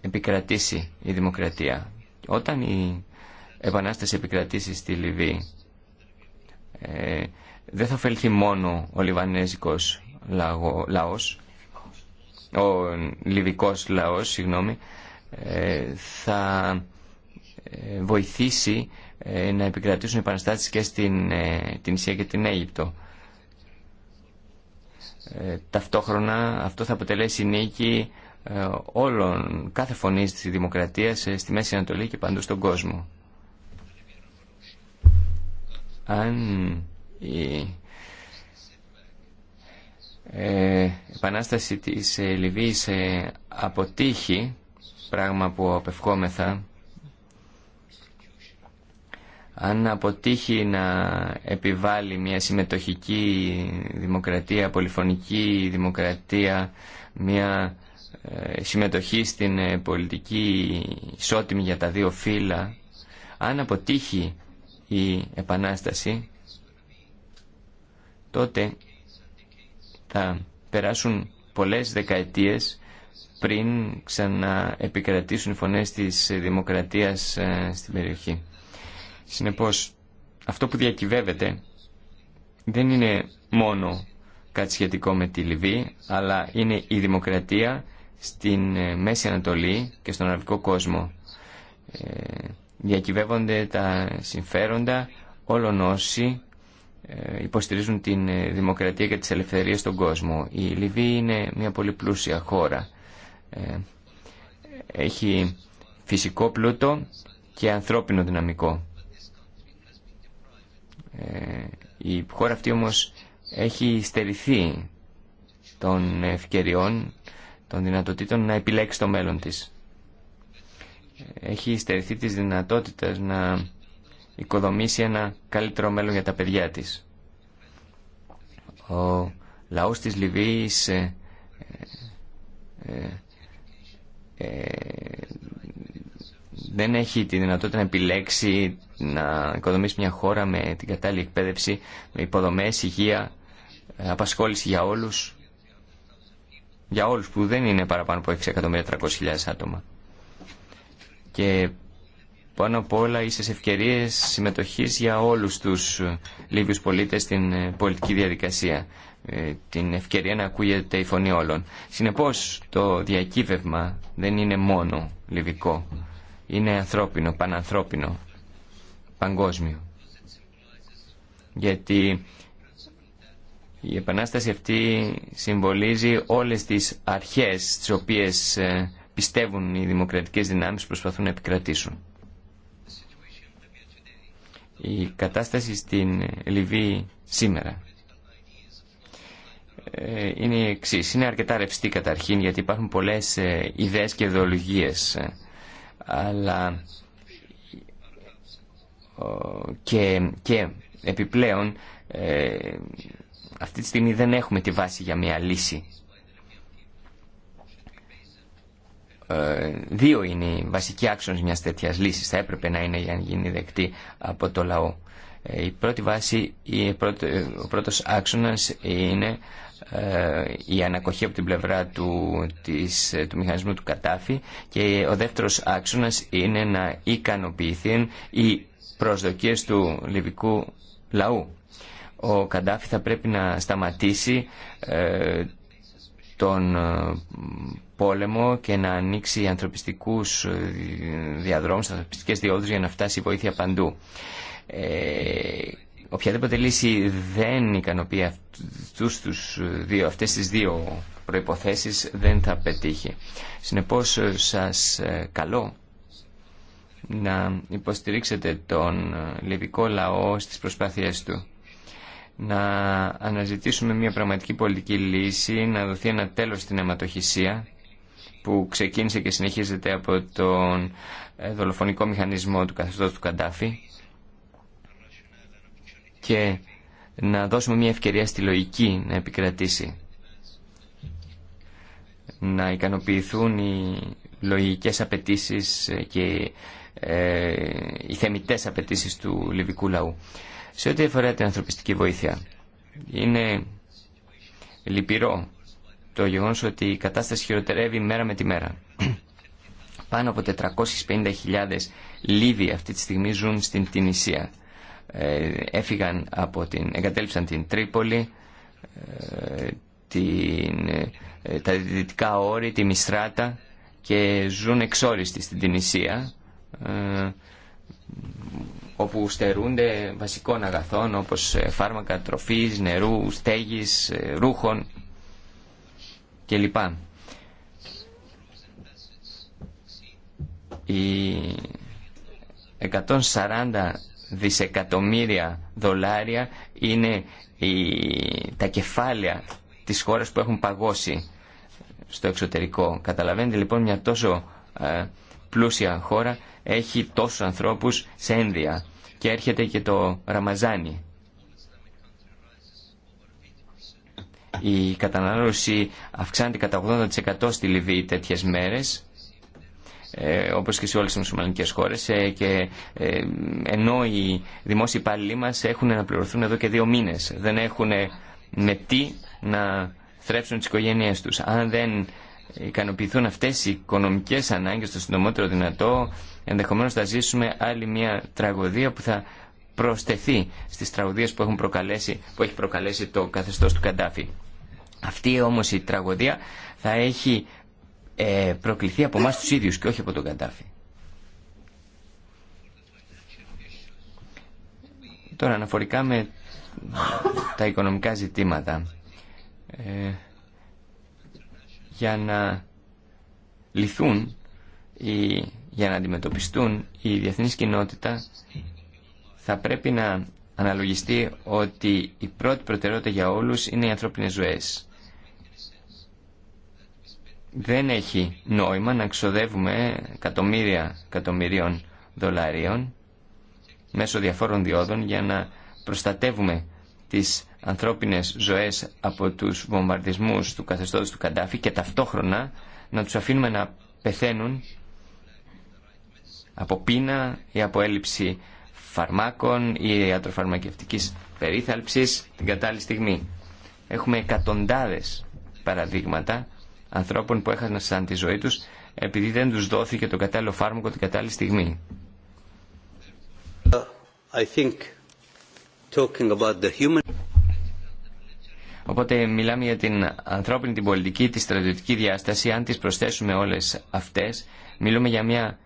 επικρατήσει η δημοκρατία. Όταν η επανάσταση επικρατήσει στη Λιβύη δεν θα ωφεληθεί μόνο ο Λιβανέζικος λαός, ο Λιβικός λαός, συγγνώμη, θα βοηθήσει ε, να επικρατήσουν επαναστάσεις και στην ε, την Ισία και την Αίγυπτο. Ε, ταυτόχρονα αυτό θα αποτελέσει νίκη όλων, κάθε φωνής της δημοκρατίας στη Μέση Ανατολή και παντού στον κόσμο. Αν η επανάσταση της Λιβύης αποτύχει, πράγμα που απευχόμεθα, αν αποτύχει να επιβάλλει μια συμμετοχική δημοκρατία, πολυφωνική δημοκρατία, μια ε, συμμετοχή στην ε, πολιτική ισότιμη για τα δύο φύλλα, αν αποτύχει η επανάσταση, τότε θα περάσουν πολλές δεκαετίες πριν ξαναεπικρατήσουν οι φωνές της δημοκρατίας ε, στην περιοχή. Συνεπώς, αυτό που διακυβεύεται δεν είναι μόνο κάτι σχετικό με τη Λιβύη, αλλά είναι η δημοκρατία στην ε, Μέση Ανατολή και στον Αραβικό κόσμο. Ε, διακυβεύονται τα συμφέροντα όλων όσοι ε, υποστηρίζουν την δημοκρατία και τις ελευθερίες στον κόσμο. Η Λιβύη είναι μια πολύ πλούσια χώρα. Έχει φυσικό πλούτο και ανθρώπινο δυναμικό. Ε, η χώρα αυτή όμως έχει στερηθεί των ευκαιριών, των δυνατοτήτων να επιλέξει το μέλλον της. Έχει στερηθεί της δυνατότητας να οικοδομήσει ένα καλύτερο μέλλον για τα παιδιά της. Ο λαός της Λιβύης ε, ε, ε, ε δεν έχει τη δυνατότητα να επιλέξει να οικοδομήσει μια χώρα με την κατάλληλη εκπαίδευση, με υποδομές, υγεία, απασχόληση για όλους, για όλους που δεν είναι παραπάνω από 6.300.000 άτομα. Και πάνω απ' όλα ίσες ευκαιρίες συμμετοχής για όλους τους Λίβιους πολίτες στην ε, πολιτική διαδικασία. Ε, την ευκαιρία να ακούγεται η φωνή όλων. Συνεπώς το διακύβευμα δεν είναι μόνο λιβικό. Είναι ανθρώπινο, πανανθρώπινο παγκόσμιο. Γιατί η Επανάσταση αυτή συμβολίζει όλες τις αρχές τις οποίες ε, πιστεύουν οι δημοκρατικές δυνάμεις προσπαθούν να επικρατήσουν. Η κατάσταση στην Λιβύη σήμερα ε, είναι η Είναι αρκετά ρευστή καταρχήν γιατί υπάρχουν πολλές ε, ιδέες και ιδεολογίες αλλά και, και επιπλέον ε, αυτή τη στιγμή δεν έχουμε τη βάση για μια λύση. Ε, δύο είναι οι βασικοί άξονες μιας τέτοιας λύσης. Θα έπρεπε να είναι για να γίνει δεκτή από το λαό. Ε, η πρώτη βάση, η ο πρώτος άξονας είναι ε, η ανακοχή από την πλευρά του, της, του μηχανισμού του Κατάφη και ο δεύτερος άξονας είναι να ικανοποιηθεί η προσδοκίες του λιβικού λαού. Ο Καντάφη θα πρέπει να σταματήσει ε, τον ε, πόλεμο και να ανοίξει ανθρωπιστικούς ε, διαδρόμους, ανθρωπιστικές διόδους για να φτάσει η βοήθεια παντού. Ε, οποιαδήποτε λύση δεν ικανοποιεί αυτούς τους δύο, αυτές τις δύο προϋποθέσεις δεν θα πετύχει. Συνεπώς σας καλώ να υποστηρίξετε τον ε, λιβικό λαό στις προσπάθειές του. Να αναζητήσουμε μια πραγματική πολιτική λύση, να δοθεί ένα τέλος στην αιματοχυσία που ξεκίνησε και συνεχίζεται από τον ε, δολοφονικό μηχανισμό του καθεστώτος του Καντάφη και να δώσουμε μια ευκαιρία στη λογική να επικρατήσει. Να ικανοποιηθούν οι λογικές απαιτήσεις ε, και ε, οι θεμητές απαιτήσει του λιβικού λαού. Σε ό,τι αφορά την ανθρωπιστική βοήθεια, είναι λυπηρό το γεγονό ότι η κατάσταση χειροτερεύει μέρα με τη μέρα. Πάνω από 450.000 Λίβοι αυτή τη στιγμή ζουν στην Τινησία. Ε, έφυγαν από την, εγκατέλειψαν την Τρίπολη, ε, την, ε, τα δυτικά όρη, τη Μιστράτα και ζουν εξόριστοι στην Τινησία ε, όπου στερούνται βασικών αγαθών όπως ε, φάρμακα τροφής, νερού, στέγης, ε, ρούχων κλπ. Οι 140 δισεκατομμύρια δολάρια είναι τα κεφάλαια της χώρας που έχουν παγώσει στο εξωτερικό. Καταλαβαίνετε λοιπόν μια τόσο πλούσια χώρα έχει τόσους ανθρώπους σε ένδια και έρχεται και το Ραμαζάνι. Η κατανάλωση αυξάνεται κατά 80% στη Λιβύη τέτοιες μέρες ε, όπως και σε όλες τις μουσουλμανικές χώρες ε, και ε, ενώ οι δημόσιοι υπάλληλοι μας έχουν να πληρωθούν εδώ και δύο μήνες δεν έχουν ε, με τι να θρέψουν τις οικογένειές τους αν δεν ικανοποιηθούν αυτές οι οικονομικές ανάγκες το συντομότερο δυνατό ενδεχομένως θα ζήσουμε άλλη μια τραγωδία που θα προσθεθεί στις τραγωδίες που, έχουν προκαλέσει, που έχει προκαλέσει το καθεστώς του Καντάφη. Αυτή όμως η τραγωδία θα έχει ε, προκληθεί από εμά τους ίδιους και όχι από τον Καντάφη. Τώρα αναφορικά με τα οικονομικά ζητήματα. Ε, για να λυθούν οι για να αντιμετωπιστούν η διεθνής κοινότητα θα πρέπει να αναλογιστεί ότι η πρώτη προτεραιότητα για όλους είναι οι ανθρώπινες ζωές. Δεν έχει νόημα να ξοδεύουμε εκατομμύρια εκατομμυρίων δολαρίων μέσω διαφόρων διόδων για να προστατεύουμε τις ανθρώπινες ζωές από τους βομβαρδισμούς του καθεστώτος του Καντάφη και ταυτόχρονα να τους αφήνουμε να πεθαίνουν από πείνα ή από έλλειψη φαρμάκων ή ιατροφαρμακευτικής περίθαλψης την κατάλληλη στιγμή. Έχουμε εκατοντάδες παραδείγματα ανθρώπων που έχασαν τη ζωή τους επειδή δεν τους δόθηκε το κατάλληλο φάρμακο την κατάλληλη στιγμή. I think about the human... Οπότε μιλάμε για την ανθρώπινη, την πολιτική, τη στρατιωτική διάσταση. Αν τις προσθέσουμε όλες αυτές, μιλούμε για μια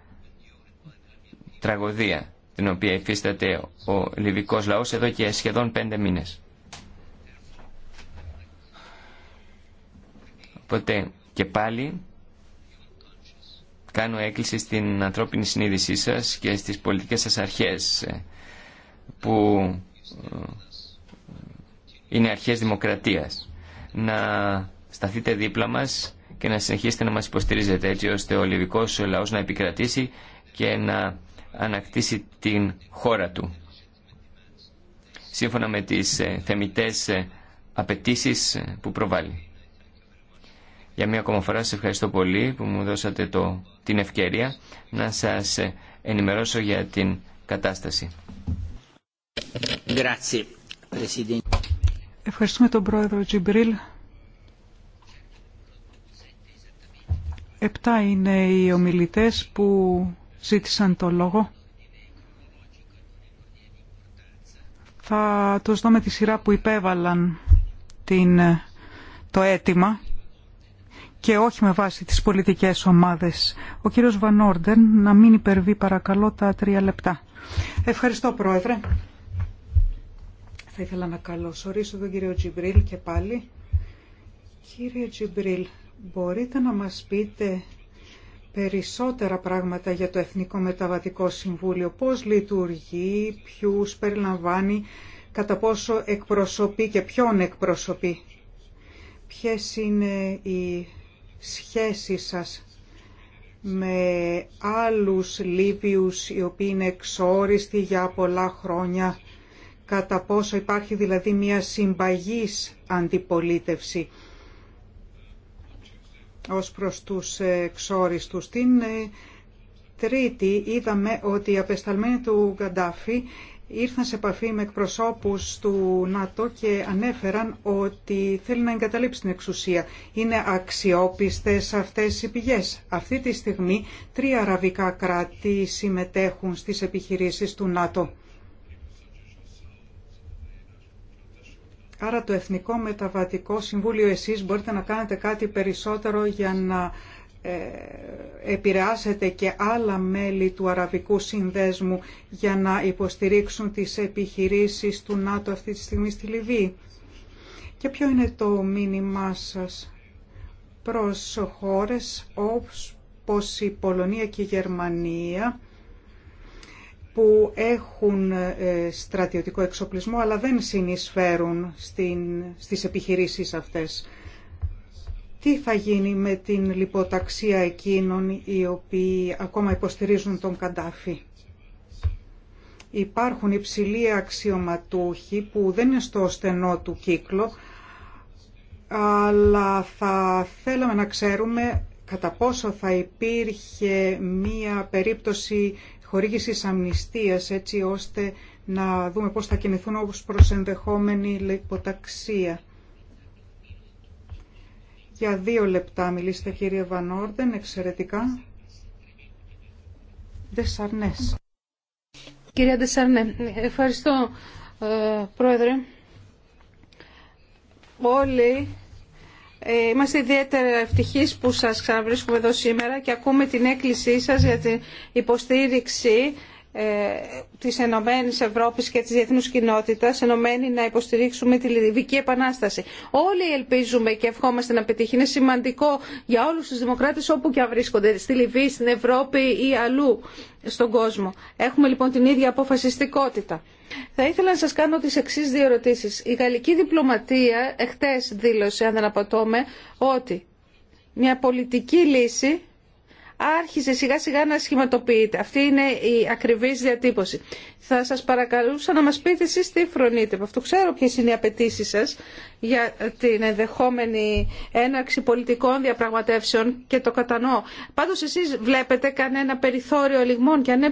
τραγωδία την οποία υφίσταται ο λιβικός λαός εδώ και σχεδόν πέντε μήνες. Οπότε και πάλι κάνω έκκληση στην ανθρώπινη συνείδησή σας και στις πολιτικές σας αρχές που ε, είναι αρχές δημοκρατίας. Να σταθείτε δίπλα μας και να συνεχίσετε να μας υποστηρίζετε έτσι ώστε ο λιβικός λαός να επικρατήσει και να ανακτήσει την χώρα του. Σύμφωνα με τις ε, θεμητές ε, απαιτήσει ε, που προβάλλει. Για μία ακόμα φορά σας ευχαριστώ πολύ που μου δώσατε το, την ευκαιρία να σας ενημερώσω για την κατάσταση. Ευχαριστούμε τον πρόεδρο Τζιμπρίλ. Επτά είναι οι ομιλητές που ζήτησαν το λόγο. Θα τους δω με τη σειρά που υπέβαλαν την, το αίτημα και όχι με βάση τις πολιτικές ομάδες. Ο κύριος Βανόρντεν να μην υπερβεί παρακαλώ τα τρία λεπτά. Ευχαριστώ Πρόεδρε. Θα ήθελα να καλωσορίσω τον κύριο Τζιμπρίλ και πάλι. Κύριε Τζιμπρίλ, μπορείτε να μας πείτε περισσότερα πράγματα για το Εθνικό Μεταβατικό Συμβούλιο. Πώς λειτουργεί, ποιους περιλαμβάνει, κατά πόσο εκπροσωπεί και ποιον εκπροσωπεί. Ποιες είναι οι σχέσεις σας με άλλους Λίβιους οι οποίοι είναι εξόριστοι για πολλά χρόνια, κατά πόσο υπάρχει δηλαδή μια συμπαγής αντιπολίτευση ως προς τους εξόριστους. Την ε, Τρίτη είδαμε ότι οι απεσταλμένοι του Γκαντάφη ήρθαν σε επαφή με εκπροσώπους του ΝΑΤΟ και ανέφεραν ότι θέλουν να εγκαταλείψει την εξουσία. Είναι αξιόπιστες αυτές οι πηγές. Αυτή τη στιγμή τρία αραβικά κράτη συμμετέχουν στις επιχειρήσεις του ΝΑΤΟ. Άρα το Εθνικό Μεταβατικό Συμβούλιο εσείς μπορείτε να κάνετε κάτι περισσότερο για να ε, επηρεάσετε και άλλα μέλη του Αραβικού Συνδέσμου για να υποστηρίξουν τις επιχειρήσεις του ΝΑΤΟ αυτή τη στιγμή στη Λιβύη. Και ποιο είναι το μήνυμά σας προς χώρες όπως η Πολωνία και η Γερμανία που έχουν ε, στρατιωτικό εξοπλισμό αλλά δεν συνεισφέρουν στην, στις επιχειρήσεις αυτές. Τι θα γίνει με την λιποταξία εκείνων οι οποίοι ακόμα υποστηρίζουν τον Καντάφη. Υπάρχουν υψηλοί αξιωματούχοι που δεν είναι στο στενό του κύκλο, αλλά θα θέλαμε να ξέρουμε κατά πόσο θα υπήρχε μία περίπτωση χορήγησης αμνηστίας έτσι ώστε να δούμε πώ θα κινηθούν ω προ ενδεχόμενη λιποταξία. Για δύο λεπτά μιλήστε κύριε Βανόρντεν, εξαιρετικά. Δεσσαρνές. Κυρία Δεσσαρνέ, ευχαριστώ ε, πρόεδρε. Όλοι ε, είμαστε ιδιαίτερα ευτυχεί που σας ξαναβρίσκουμε εδώ σήμερα και ακούμε την έκκλησή σα για την υποστήριξη ε, της Ενωμένης ΕΕ Ευρώπης και της διεθνούς κοινότητας ενωμένη να υποστηρίξουμε τη Λιβική Επανάσταση. Όλοι ελπίζουμε και ευχόμαστε να πετύχει. Είναι σημαντικό για όλους τους δημοκράτες όπου και αν βρίσκονται, στη Λιβύη, στην Ευρώπη ή αλλού στον κόσμο. Έχουμε λοιπόν την ίδια αποφασιστικότητα. Θα ήθελα να σας κάνω τις εξής δύο ερωτήσεις. Η γαλλική διπλωματία εχθές δήλωσε, αν δεν απατώμε, ότι μια πολιτική λύση άρχισε σιγά σιγά να σχηματοποιείται. Αυτή είναι η ακριβής διατύπωση. Θα σας παρακαλούσα να μας πείτε εσείς τι φρονείτε. αυτό ξέρω ποιες είναι οι απαιτήσει σας για την ενδεχόμενη έναρξη πολιτικών διαπραγματεύσεων και το κατανοώ. Πάντως εσείς βλέπετε κανένα περιθώριο λιγμών και αν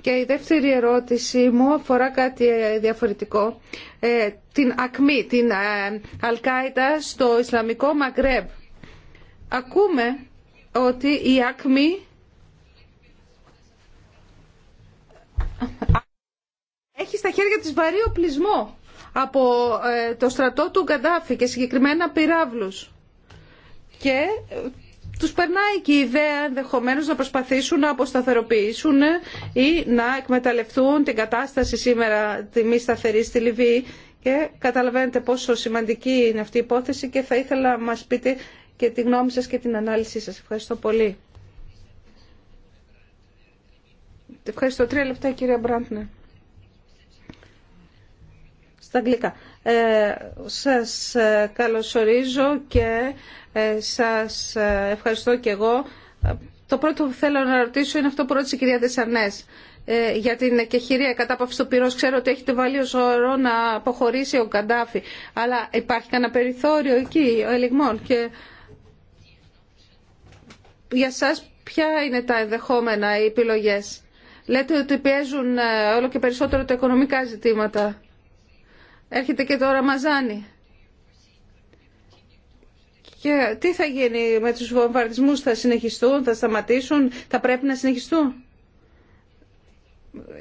και η δεύτερη ερώτηση μου αφορά κάτι ε, διαφορετικό. Ε, την ΑΚΜΗ, την ε, Αλκάιτα στο Ισλαμικό Μαγκρέμπ. Ακούμε ότι η ΑΚΜΗ έχει στα χέρια της βαρύ οπλισμό από το στρατό του Γκαντάφη και συγκεκριμένα πυράβλους. Και τους περνάει και η ιδέα ενδεχομένως να προσπαθήσουν να αποσταθεροποιήσουν ή να εκμεταλλευτούν την κατάσταση σήμερα τη μη σταθερή στη Λιβύη και καταλαβαίνετε πόσο σημαντική είναι αυτή η υπόθεση και θα ήθελα να μας πείτε και τη γνώμη σας και την ανάλυση σας. Ευχαριστώ πολύ. Ευχαριστώ. Τρία λεπτά κυρία Μπράντνε. στα αγγλικά. Ε, σας ε, καλωσορίζω και ε, σας ε, ευχαριστώ και εγώ. Το πρώτο που θέλω να ρωτήσω είναι αυτό που ρώτησε η κυρία Δεσσαρνές ε, για την εκεχηρία κατάπαυση του πυρός. Ξέρω ότι έχετε βάλει ως όρο να αποχωρήσει ο Καντάφη, αλλά υπάρχει κανένα περιθώριο εκεί, ο ελιγμών. Και για σας ποια είναι τα ενδεχόμενα οι επιλογές. Λέτε ότι πιέζουν όλο και περισσότερο τα οικονομικά ζητήματα. Έρχεται και τώρα Μαζάνη. Και τι θα γίνει με τους βομβαρδισμούς, θα συνεχιστούν, θα σταματήσουν, θα πρέπει να συνεχιστούν.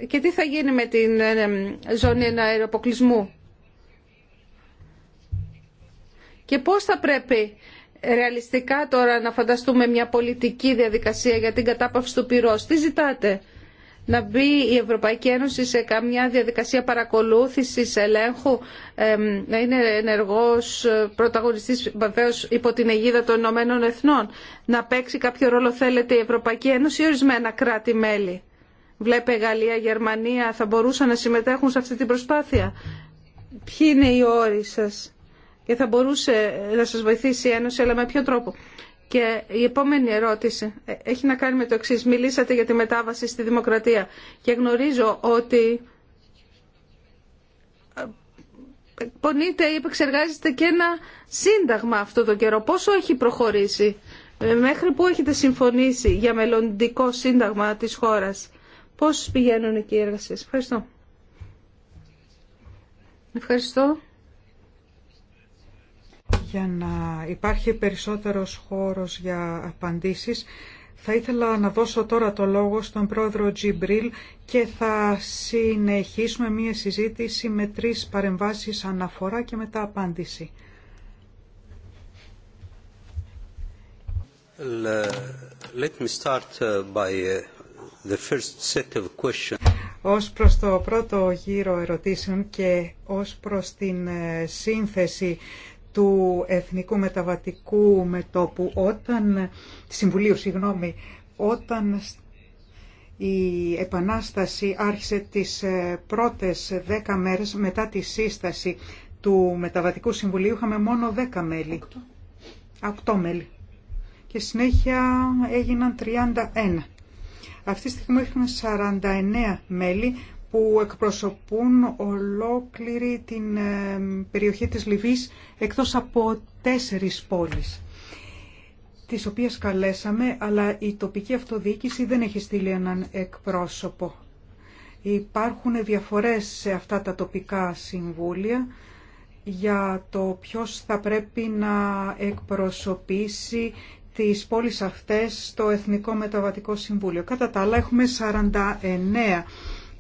Και τι θα γίνει με την ε, ε, ζώνη αεροποκλεισμού. Και πώς θα πρέπει ρεαλιστικά τώρα να φανταστούμε μια πολιτική διαδικασία για την κατάπαυση του πυρός. Τι ζητάτε να μπει η Ευρωπαϊκή Ένωση σε καμιά διαδικασία παρακολούθησης, ελέγχου, να είναι ενεργός ε, πρωταγωνιστής βεβαίω υπό την αιγίδα των Ηνωμένων Εθνών, να παίξει κάποιο ρόλο θέλετε η Ευρωπαϊκή Ένωση ή ορισμένα κράτη-μέλη. Βλέπε Γαλλία, Γερμανία θα μπορούσαν να συμμετέχουν σε αυτή την προσπάθεια. Ποιοι είναι οι όροι σας και θα μπορούσε να σας βοηθήσει η Ένωση, αλλά με ποιο τρόπο. Και η επόμενη ερώτηση έχει να κάνει με το εξή. Μιλήσατε για τη μετάβαση στη δημοκρατία και γνωρίζω ότι ε, πονείτε ή επεξεργάζεστε και ένα σύνταγμα αυτό τον καιρό. Πόσο έχει προχωρήσει, ε, μέχρι πού έχετε συμφωνήσει για μελλοντικό σύνταγμα της χώρας. Πώς πηγαίνουν εκεί οι εργασίες. Ευχαριστώ. Ευχαριστώ. Για να υπάρχει περισσότερος χώρος για απαντήσεις, θα ήθελα να δώσω τώρα το λόγο στον πρόεδρο Τζιμπρίλ και θα συνεχίσουμε μία συζήτηση με τρεις παρεμβάσεις αναφορά και μετά απάντηση. Let me start uh, uh, Ως προς το πρώτο γύρο ερωτήσεων και ως προς την ε, σύνθεση του Εθνικού Μεταβατικού μετόπου, όταν, Συμβουλίου, συγγνώμη, όταν η Επανάσταση άρχισε τις ε, πρώτες δέκα μέρες μετά τη σύσταση του Μεταβατικού Συμβουλίου είχαμε μόνο δέκα μέλη. Οκτώ μέλη. Και συνέχεια έγιναν 31. Αυτή τη στιγμή έχουμε 49 μέλη που εκπροσωπούν ολόκληρη την ε, περιοχή της Λιβύης εκτός από τέσσερις πόλεις τις οποίες καλέσαμε, αλλά η τοπική αυτοδιοίκηση δεν έχει στείλει έναν εκπρόσωπο. Υπάρχουν διαφορές σε αυτά τα τοπικά συμβούλια για το ποιος θα πρέπει να εκπροσωπήσει τις πόλεις αυτές στο Εθνικό Μεταβατικό Συμβούλιο. Κατά τα άλλα έχουμε 49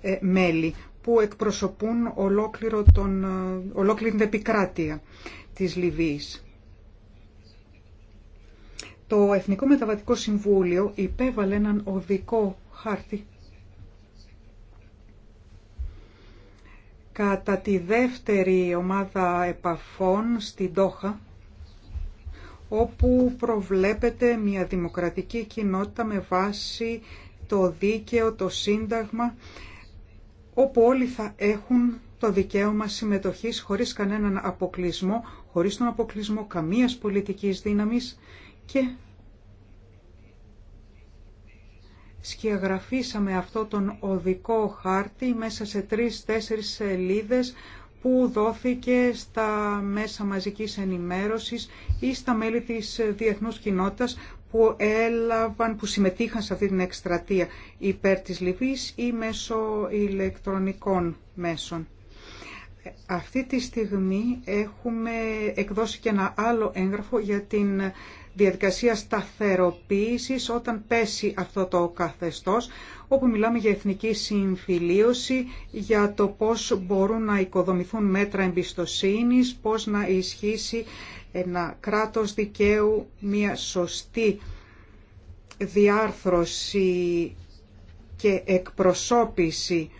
ε, μέλη που εκπροσωπούν ολόκληρο τον, ε, ολόκληρη την επικράτεια της Λιβύης. Το Εθνικό Μεταβατικό Συμβούλιο υπέβαλε έναν οδικό χάρτη κατά τη δεύτερη ομάδα επαφών στην Τόχα όπου προβλέπεται μια δημοκρατική κοινότητα με βάση το δίκαιο, το σύνταγμα όπου όλοι θα έχουν το δικαίωμα συμμετοχής χωρίς κανέναν αποκλεισμό, χωρίς τον αποκλεισμό καμίας πολιτικής δύναμης και σκιαγραφίσαμε αυτό τον οδικό χάρτη μέσα σε τρεις-τέσσερις σελίδες που δόθηκε στα μέσα μαζικής ενημέρωσης ή στα μέλη της διεθνούς κοινότητας που έλαβαν, που συμμετείχαν σε αυτή την εκστρατεία υπέρ της Λιβύης ή μέσω ηλεκτρονικών μέσων. Αυτή τη στιγμή έχουμε εκδώσει και ένα άλλο έγγραφο για την διαδικασία σταθεροποίησης όταν πέσει αυτό το καθεστώς, όπου μιλάμε για εθνική συμφιλίωση, για το πώς μπορούν να οικοδομηθούν μέτρα εμπιστοσύνης, πώς να ισχύσει ένα κράτος δικαίου, μια σωστή διάρθρωση και εκπροσώπηση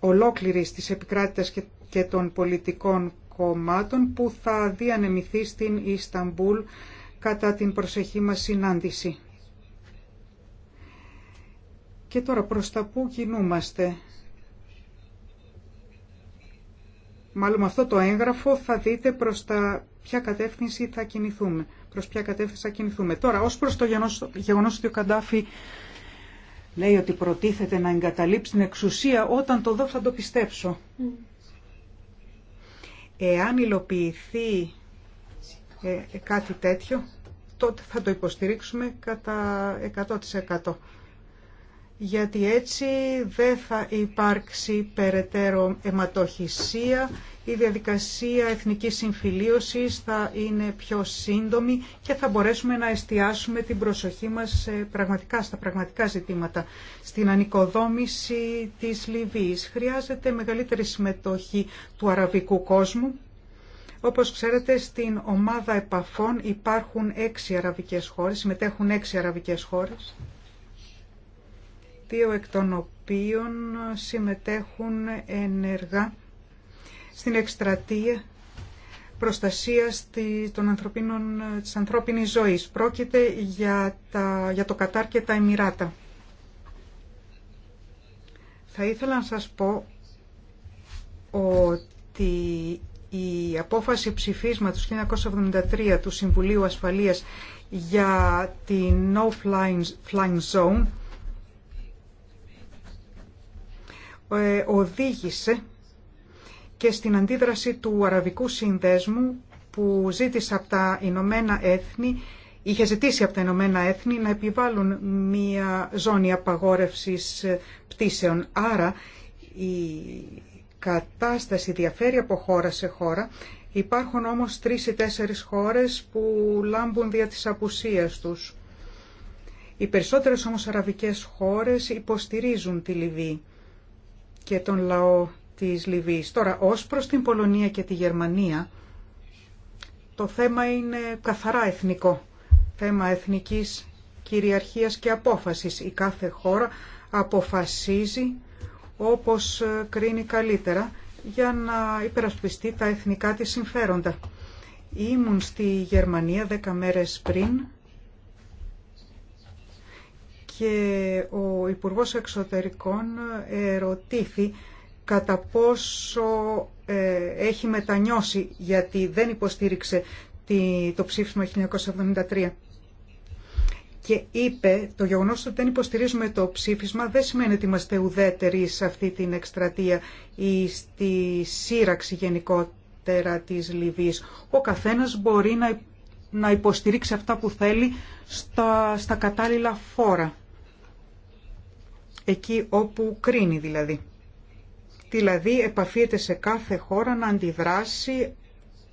ολόκληρης της επικράτητας και των πολιτικών κομμάτων που θα διανεμηθεί στην Ισταμπούλ κατά την προσεχή μας συνάντηση. Και τώρα προς τα πού κινούμαστε. Μάλλον αυτό το έγγραφο θα δείτε προς τα ποια κατεύθυνση θα κινηθούμε. Προς ποια κατεύθυνση θα κινηθούμε. Τώρα, ως προς το γεγονός ότι ο Καντάφη λέει ότι προτίθεται να εγκαταλείψει την εξουσία, όταν το δω θα το πιστέψω. Εάν υλοποιηθεί ε, κάτι τέτοιο, τότε θα το υποστηρίξουμε κατά 100% γιατί έτσι δεν θα υπάρξει περαιτέρω αιματοχυσία, η διαδικασία εθνικής συμφιλίωσης θα είναι πιο σύντομη και θα μπορέσουμε να εστιάσουμε την προσοχή μας πραγματικά, στα πραγματικά ζητήματα. Στην ανοικοδόμηση της Λιβύης χρειάζεται μεγαλύτερη συμμετοχή του αραβικού κόσμου. Όπως ξέρετε, στην ομάδα επαφών υπάρχουν έξι αραβικές χώρες, συμμετέχουν έξι αραβικές χώρες δύο εκ των οποίων συμμετέχουν ενεργά στην εκστρατεία προστασίας των ανθρωπίνων, της ανθρώπινης ζωής. Πρόκειται για, για το Κατάρ και τα Εμμυράτα. Θα ήθελα να σας πω ότι η απόφαση ψηφίσματος 1973 του Συμβουλίου Ασφαλείας για την No Flying Zone Ε, οδήγησε και στην αντίδραση του Αραβικού Συνδέσμου που ζήτησε από τα Ηνωμένα Έθνη, είχε ζητήσει από τα Ηνωμένα Έθνη να επιβάλλουν μία ζώνη απαγόρευσης ε, πτήσεων. Άρα η κατάσταση διαφέρει από χώρα σε χώρα. Υπάρχουν όμως τρεις ή τέσσερις χώρες που λάμπουν δια της απουσίας τους. Οι περισσότερες όμως αραβικές χώρες υποστηρίζουν τη Λιβύη και τον λαό της Λιβύης. Τώρα, ως προς την Πολωνία και τη Γερμανία, το θέμα είναι καθαρά εθνικό. Θέμα εθνικής κυριαρχίας και απόφασης. Η κάθε χώρα αποφασίζει όπως ε, κρίνει καλύτερα για να υπερασπιστεί τα εθνικά της συμφέροντα. Ήμουν στη Γερμανία δέκα μέρες πριν και ο Υπουργός Εξωτερικών ερωτήθη κατά πόσο ε, έχει μετανιώσει γιατί δεν υποστήριξε το ψήφισμα 1973 και είπε το γεγονός ότι δεν υποστηρίζουμε το ψήφισμα δεν σημαίνει ότι είμαστε ουδέτεροι σε αυτή την εκστρατεία ή στη σύραξη γενικότερα της Λιβύης. Ο καθένας μπορεί να, να υποστηρίξει αυτά που θέλει στα, στα κατάλληλα φόρα εκεί όπου κρίνει δηλαδή. Δηλαδή επαφείται σε κάθε χώρα να αντιδράσει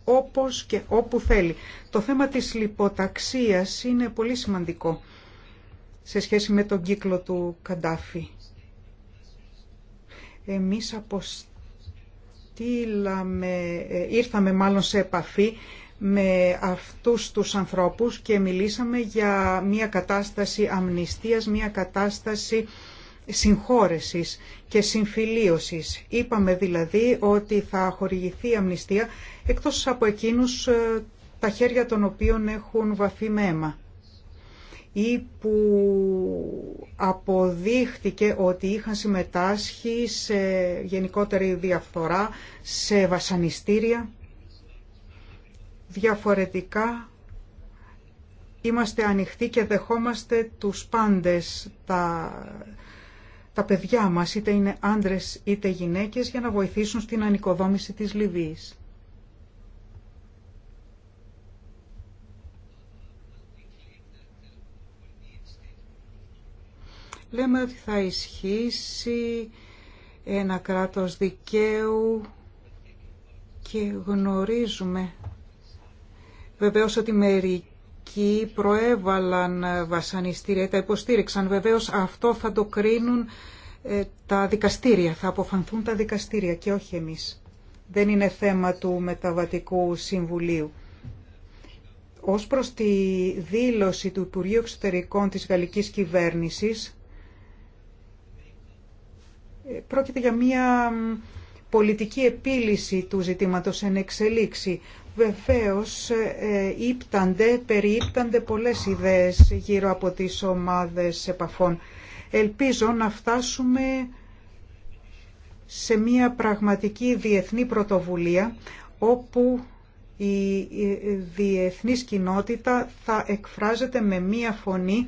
όπως και όπου θέλει. Το θέμα της λιποταξίας είναι πολύ σημαντικό σε σχέση με τον κύκλο του Καντάφη. Εμείς αποστήλαμε, ε, ήρθαμε μάλλον σε επαφή με αυτούς τους ανθρώπους και μιλήσαμε για μια κατάσταση αμνηστίας, μια κατάσταση συγχώρεσης και συμφιλίωσης. Είπαμε δηλαδή ότι θα χορηγηθεί αμνηστία εκτός από εκείνους ε, τα χέρια των οποίων έχουν βαφεί με αίμα ή που αποδείχτηκε ότι είχαν συμμετάσχει σε γενικότερη διαφθορά, σε βασανιστήρια. Διαφορετικά είμαστε ανοιχτοί και δεχόμαστε τους πάντες, τα, τα παιδιά μας, είτε είναι άντρες είτε γυναίκες, για να βοηθήσουν στην ανοικοδόμηση της Λιβύης. Λέμε ότι θα ισχύσει ένα κράτος δικαίου και γνωρίζουμε βεβαίως ότι μερικοί Αμερική προέβαλαν βασανιστήρια, τα υποστήριξαν. Βεβαίως αυτό θα το κρίνουν ε, τα δικαστήρια, θα αποφανθούν τα δικαστήρια και όχι εμείς. Δεν είναι θέμα του Μεταβατικού Συμβουλίου. Ως προς τη δήλωση του Υπουργείου Εξωτερικών της Γαλλικής Κυβέρνησης, ε, πρόκειται για μια πολιτική επίλυση του ζητήματος εν εξελίξη. Βεβαίως ε, ύπτανται, περιύπτανται πολλές ιδέες γύρω από τις ομάδες επαφών. Ελπίζω να φτάσουμε σε μια πραγματική διεθνή πρωτοβουλία όπου η διεθνής κοινότητα θα εκφράζεται με μία φωνή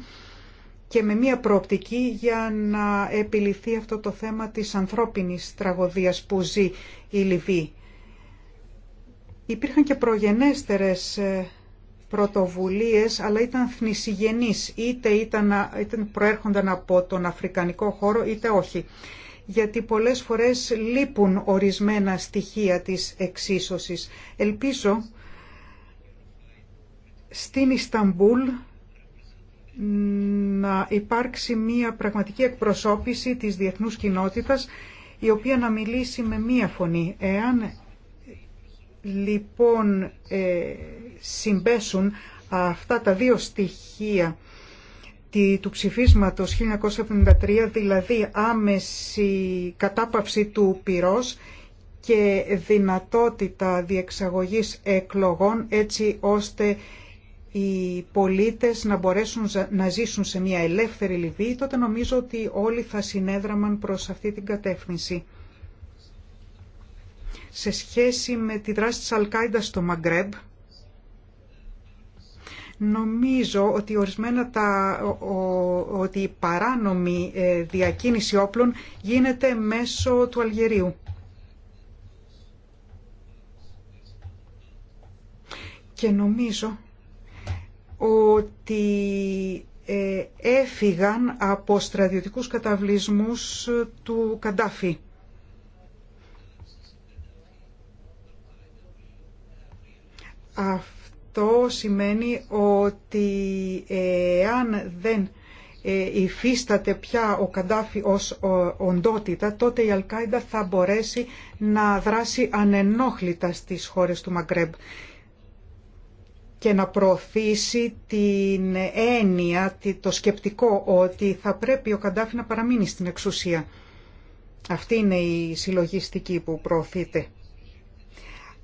και με μία προοπτική για να επιληθεί αυτό το θέμα της ανθρώπινης τραγωδίας που ζει η Λιβύη. Υπήρχαν και προγενέστερες ε, πρωτοβουλίες, αλλά ήταν θνησιγενείς, είτε ήταν, προέρχονταν από τον αφρικανικό χώρο, είτε όχι. Γιατί πολλές φορές λείπουν ορισμένα στοιχεία της εξίσωσης. Ελπίζω στην Ισταμπούλ να υπάρξει μία πραγματική εκπροσώπηση της διεθνούς κοινότητας η οποία να μιλήσει με μία φωνή. Εάν λοιπόν ε, συμπέσουν αυτά τα δύο στοιχεία του ψηφίσματος 1973, δηλαδή άμεση κατάπαυση του πυρός και δυνατότητα διεξαγωγής εκλογών έτσι ώστε οι πολίτες να μπορέσουν να ζήσουν σε μια ελεύθερη Λιβύη, τότε νομίζω ότι όλοι θα συνέδραμαν προς αυτή την κατεύθυνση σε σχέση με τη δράση της Αλκάιντα στο Μαγκρέμπ, Νομίζω ότι ορισμένα τα, ότι η παράνομη ε, διακίνηση όπλων γίνεται μέσω του Αλγερίου. Και νομίζω ότι ε, έφυγαν από στρατιωτικούς καταβλισμούς του Καντάφη. Αυτό σημαίνει ότι ε, αν δεν ε, υφίσταται πια ο Καντάφη ως οντότητα, τότε η Αλκάιντα θα μπορέσει να δράσει ανενόχλητα στις χώρες του Μαγκρέμπ και να προωθήσει την έννοια, το σκεπτικό ότι θα πρέπει ο Καντάφη να παραμείνει στην εξουσία. Αυτή είναι η συλλογιστική που προωθείται.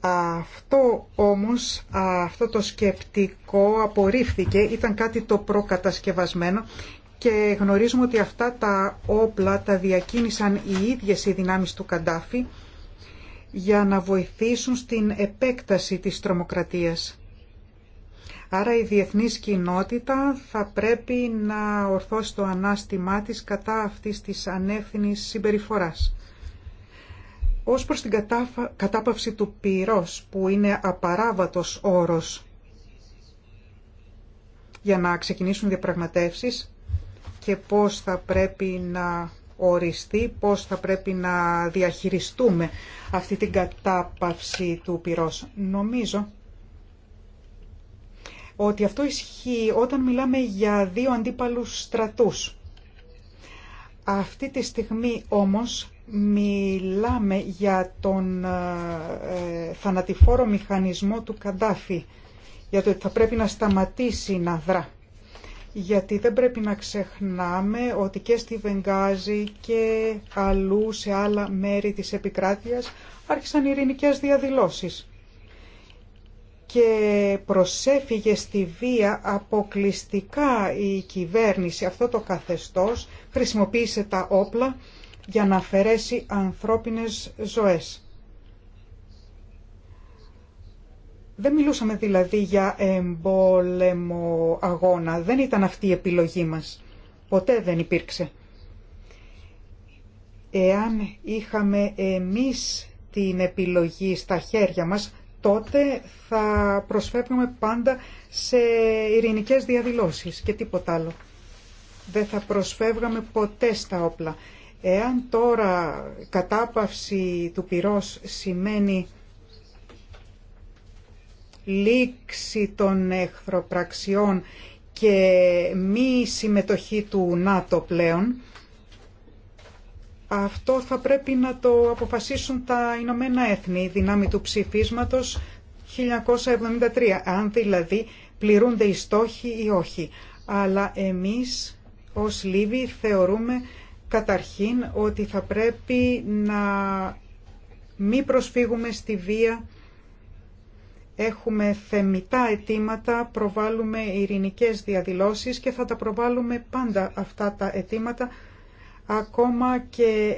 Αυτό όμως, αυτό το σκεπτικό απορρίφθηκε, ήταν κάτι το προκατασκευασμένο και γνωρίζουμε ότι αυτά τα όπλα τα διακίνησαν οι ίδιες οι δυνάμεις του Καντάφη για να βοηθήσουν στην επέκταση της τρομοκρατίας. Άρα η διεθνής κοινότητα θα πρέπει να ορθώσει το ανάστημά της κατά αυτής της ανεύθυνης συμπεριφοράς. Ως προς την κατάπαυση του πυρός, που είναι απαράβατος όρος για να ξεκινήσουν διαπραγματεύσεις και πώς θα πρέπει να οριστεί, πώς θα πρέπει να διαχειριστούμε αυτή την κατάπαυση του πυρός. Νομίζω ότι αυτό ισχύει όταν μιλάμε για δύο αντίπαλους στρατούς. Αυτή τη στιγμή όμως Μιλάμε για τον ε, ε, θανατηφόρο μηχανισμό του Καντάφη, για το ότι θα πρέπει να σταματήσει να δρά. Γιατί δεν πρέπει να ξεχνάμε ότι και στη Βενγάζη και αλλού σε άλλα μέρη της επικράτειας άρχισαν ειρηνικές διαδηλώσεις και προσέφυγε στη βία αποκλειστικά η κυβέρνηση, αυτό το καθεστώς, χρησιμοποίησε τα όπλα για να αφαιρέσει ανθρώπινες ζωές. Δεν μιλούσαμε δηλαδή για εμπόλεμο αγώνα. Δεν ήταν αυτή η επιλογή μας. Ποτέ δεν υπήρξε. Εάν είχαμε εμείς την επιλογή στα χέρια μας, τότε θα προσφεύγαμε πάντα σε ειρηνικές διαδηλώσεις και τίποτα άλλο. Δεν θα προσφεύγαμε ποτέ στα όπλα. Εάν τώρα κατάπαυση του πυρός σημαίνει λήξη των εχθροπραξιών και μη συμμετοχή του ΝΑΤΟ πλέον, αυτό θα πρέπει να το αποφασίσουν τα Ηνωμένα Έθνη, η δυνάμη του ψηφίσματος 1973, αν δηλαδή πληρούνται οι στόχοι ή όχι. Αλλά εμείς ως Λίβοι θεωρούμε Καταρχήν ότι θα πρέπει να μην προσφύγουμε στη βία, έχουμε θεμητά αιτήματα, προβάλλουμε ειρηνικές διαδηλώσεις και θα τα προβάλλουμε πάντα αυτά τα αιτήματα, ακόμα και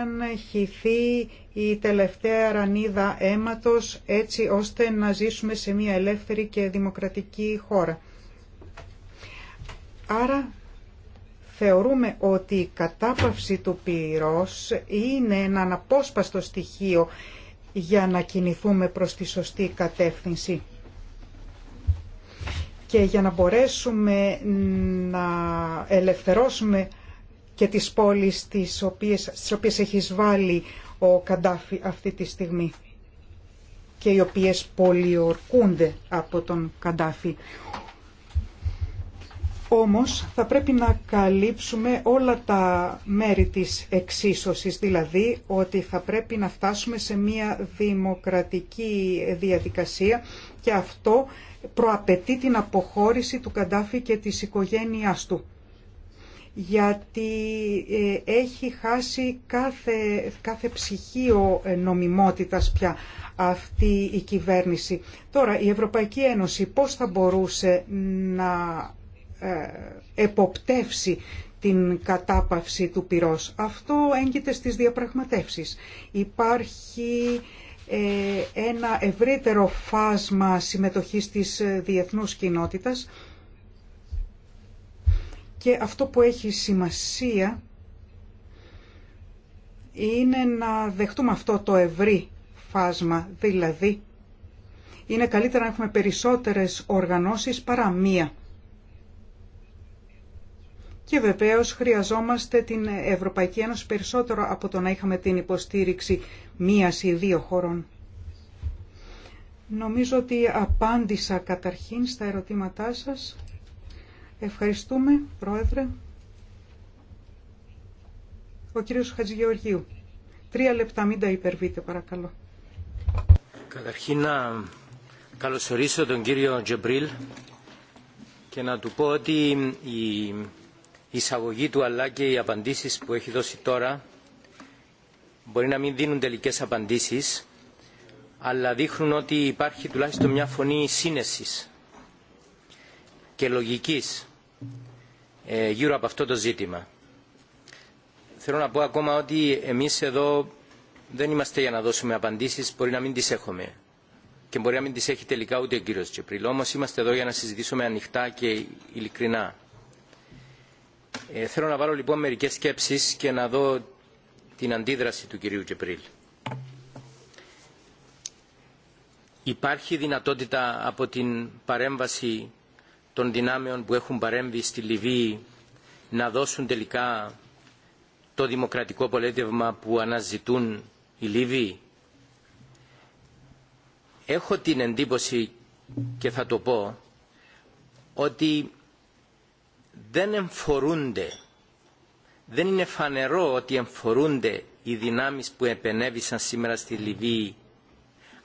αν χυθεί η τελευταία ρανίδα αίματος, έτσι ώστε να ζήσουμε σε μια ελεύθερη και δημοκρατική χώρα. Άρα Θεωρούμε ότι η κατάπαυση του πυρός είναι ένα αναπόσπαστο στοιχείο για να κινηθούμε προς τη σωστή κατεύθυνση και για να μπορέσουμε να ελευθερώσουμε και τις πόλεις τις οποίες, στις οποίες έχει βάλει ο Καντάφη αυτή τη στιγμή και οι οποίες πολιορκούνται από τον Καντάφη. Όμως θα πρέπει να καλύψουμε όλα τα μέρη της εξίσωσης, δηλαδή ότι θα πρέπει να φτάσουμε σε μια δημοκρατική διαδικασία και αυτό προαπαιτεί την αποχώρηση του Καντάφη και της οικογένειάς του γιατί ε, έχει χάσει κάθε, κάθε ψυχείο ε, νομιμότητας πια αυτή η κυβέρνηση. Τώρα, η Ευρωπαϊκή Ένωση πώς θα μπορούσε να ε, εποπτεύσει την κατάπαυση του πυρός. Αυτό έγκυται στις διαπραγματεύσεις. Υπάρχει ε, ένα ευρύτερο φάσμα συμμετοχής της ε, διεθνούς κοινότητας και αυτό που έχει σημασία είναι να δεχτούμε αυτό το ευρύ φάσμα, δηλαδή είναι καλύτερα να έχουμε περισσότερες οργανώσεις παρά μία. Και βεβαίως χρειαζόμαστε την Ευρωπαϊκή Ένωση περισσότερο από το να είχαμε την υποστήριξη μίας ή δύο χωρών. Νομίζω ότι απάντησα καταρχήν στα ερωτήματά σας. Ευχαριστούμε, Πρόεδρε. Ο κύριος Χατζηγεωργίου. Τρία λεπτά, μην τα υπερβείτε, παρακαλώ. Καταρχήν να καλωσορίσω τον κύριο Τζεμπρίλ και να του πω ότι η εισαγωγή του αλλά και οι απαντήσεις που έχει δώσει τώρα μπορεί να μην δίνουν τελικές απαντήσεις αλλά δείχνουν ότι υπάρχει τουλάχιστον μια φωνή σύνεσης και λογικής ε, γύρω από αυτό το ζήτημα. Θέλω να πω ακόμα ότι εμείς εδώ δεν είμαστε για να δώσουμε απαντήσεις, μπορεί να μην τις έχουμε και μπορεί να μην τις έχει τελικά ούτε ο κύριος Τσεπριλ. Όμως είμαστε εδώ για να συζητήσουμε ανοιχτά και ειλικρινά ε, θέλω να βάλω λοιπόν μερικές σκέψεις και να δω την αντίδραση του κυρίου Κεπρίλ. Υπάρχει δυνατότητα από την παρέμβαση των δυνάμεων που έχουν παρέμβει στη Λιβύη να δώσουν τελικά το δημοκρατικό πολέτευμα που αναζητούν οι Λίβοι. Έχω την εντύπωση και θα το πω ότι δεν εμφορούνται, δεν είναι φανερό ότι εμφορούνται οι δυνάμεις που επενέβησαν σήμερα στη Λιβύη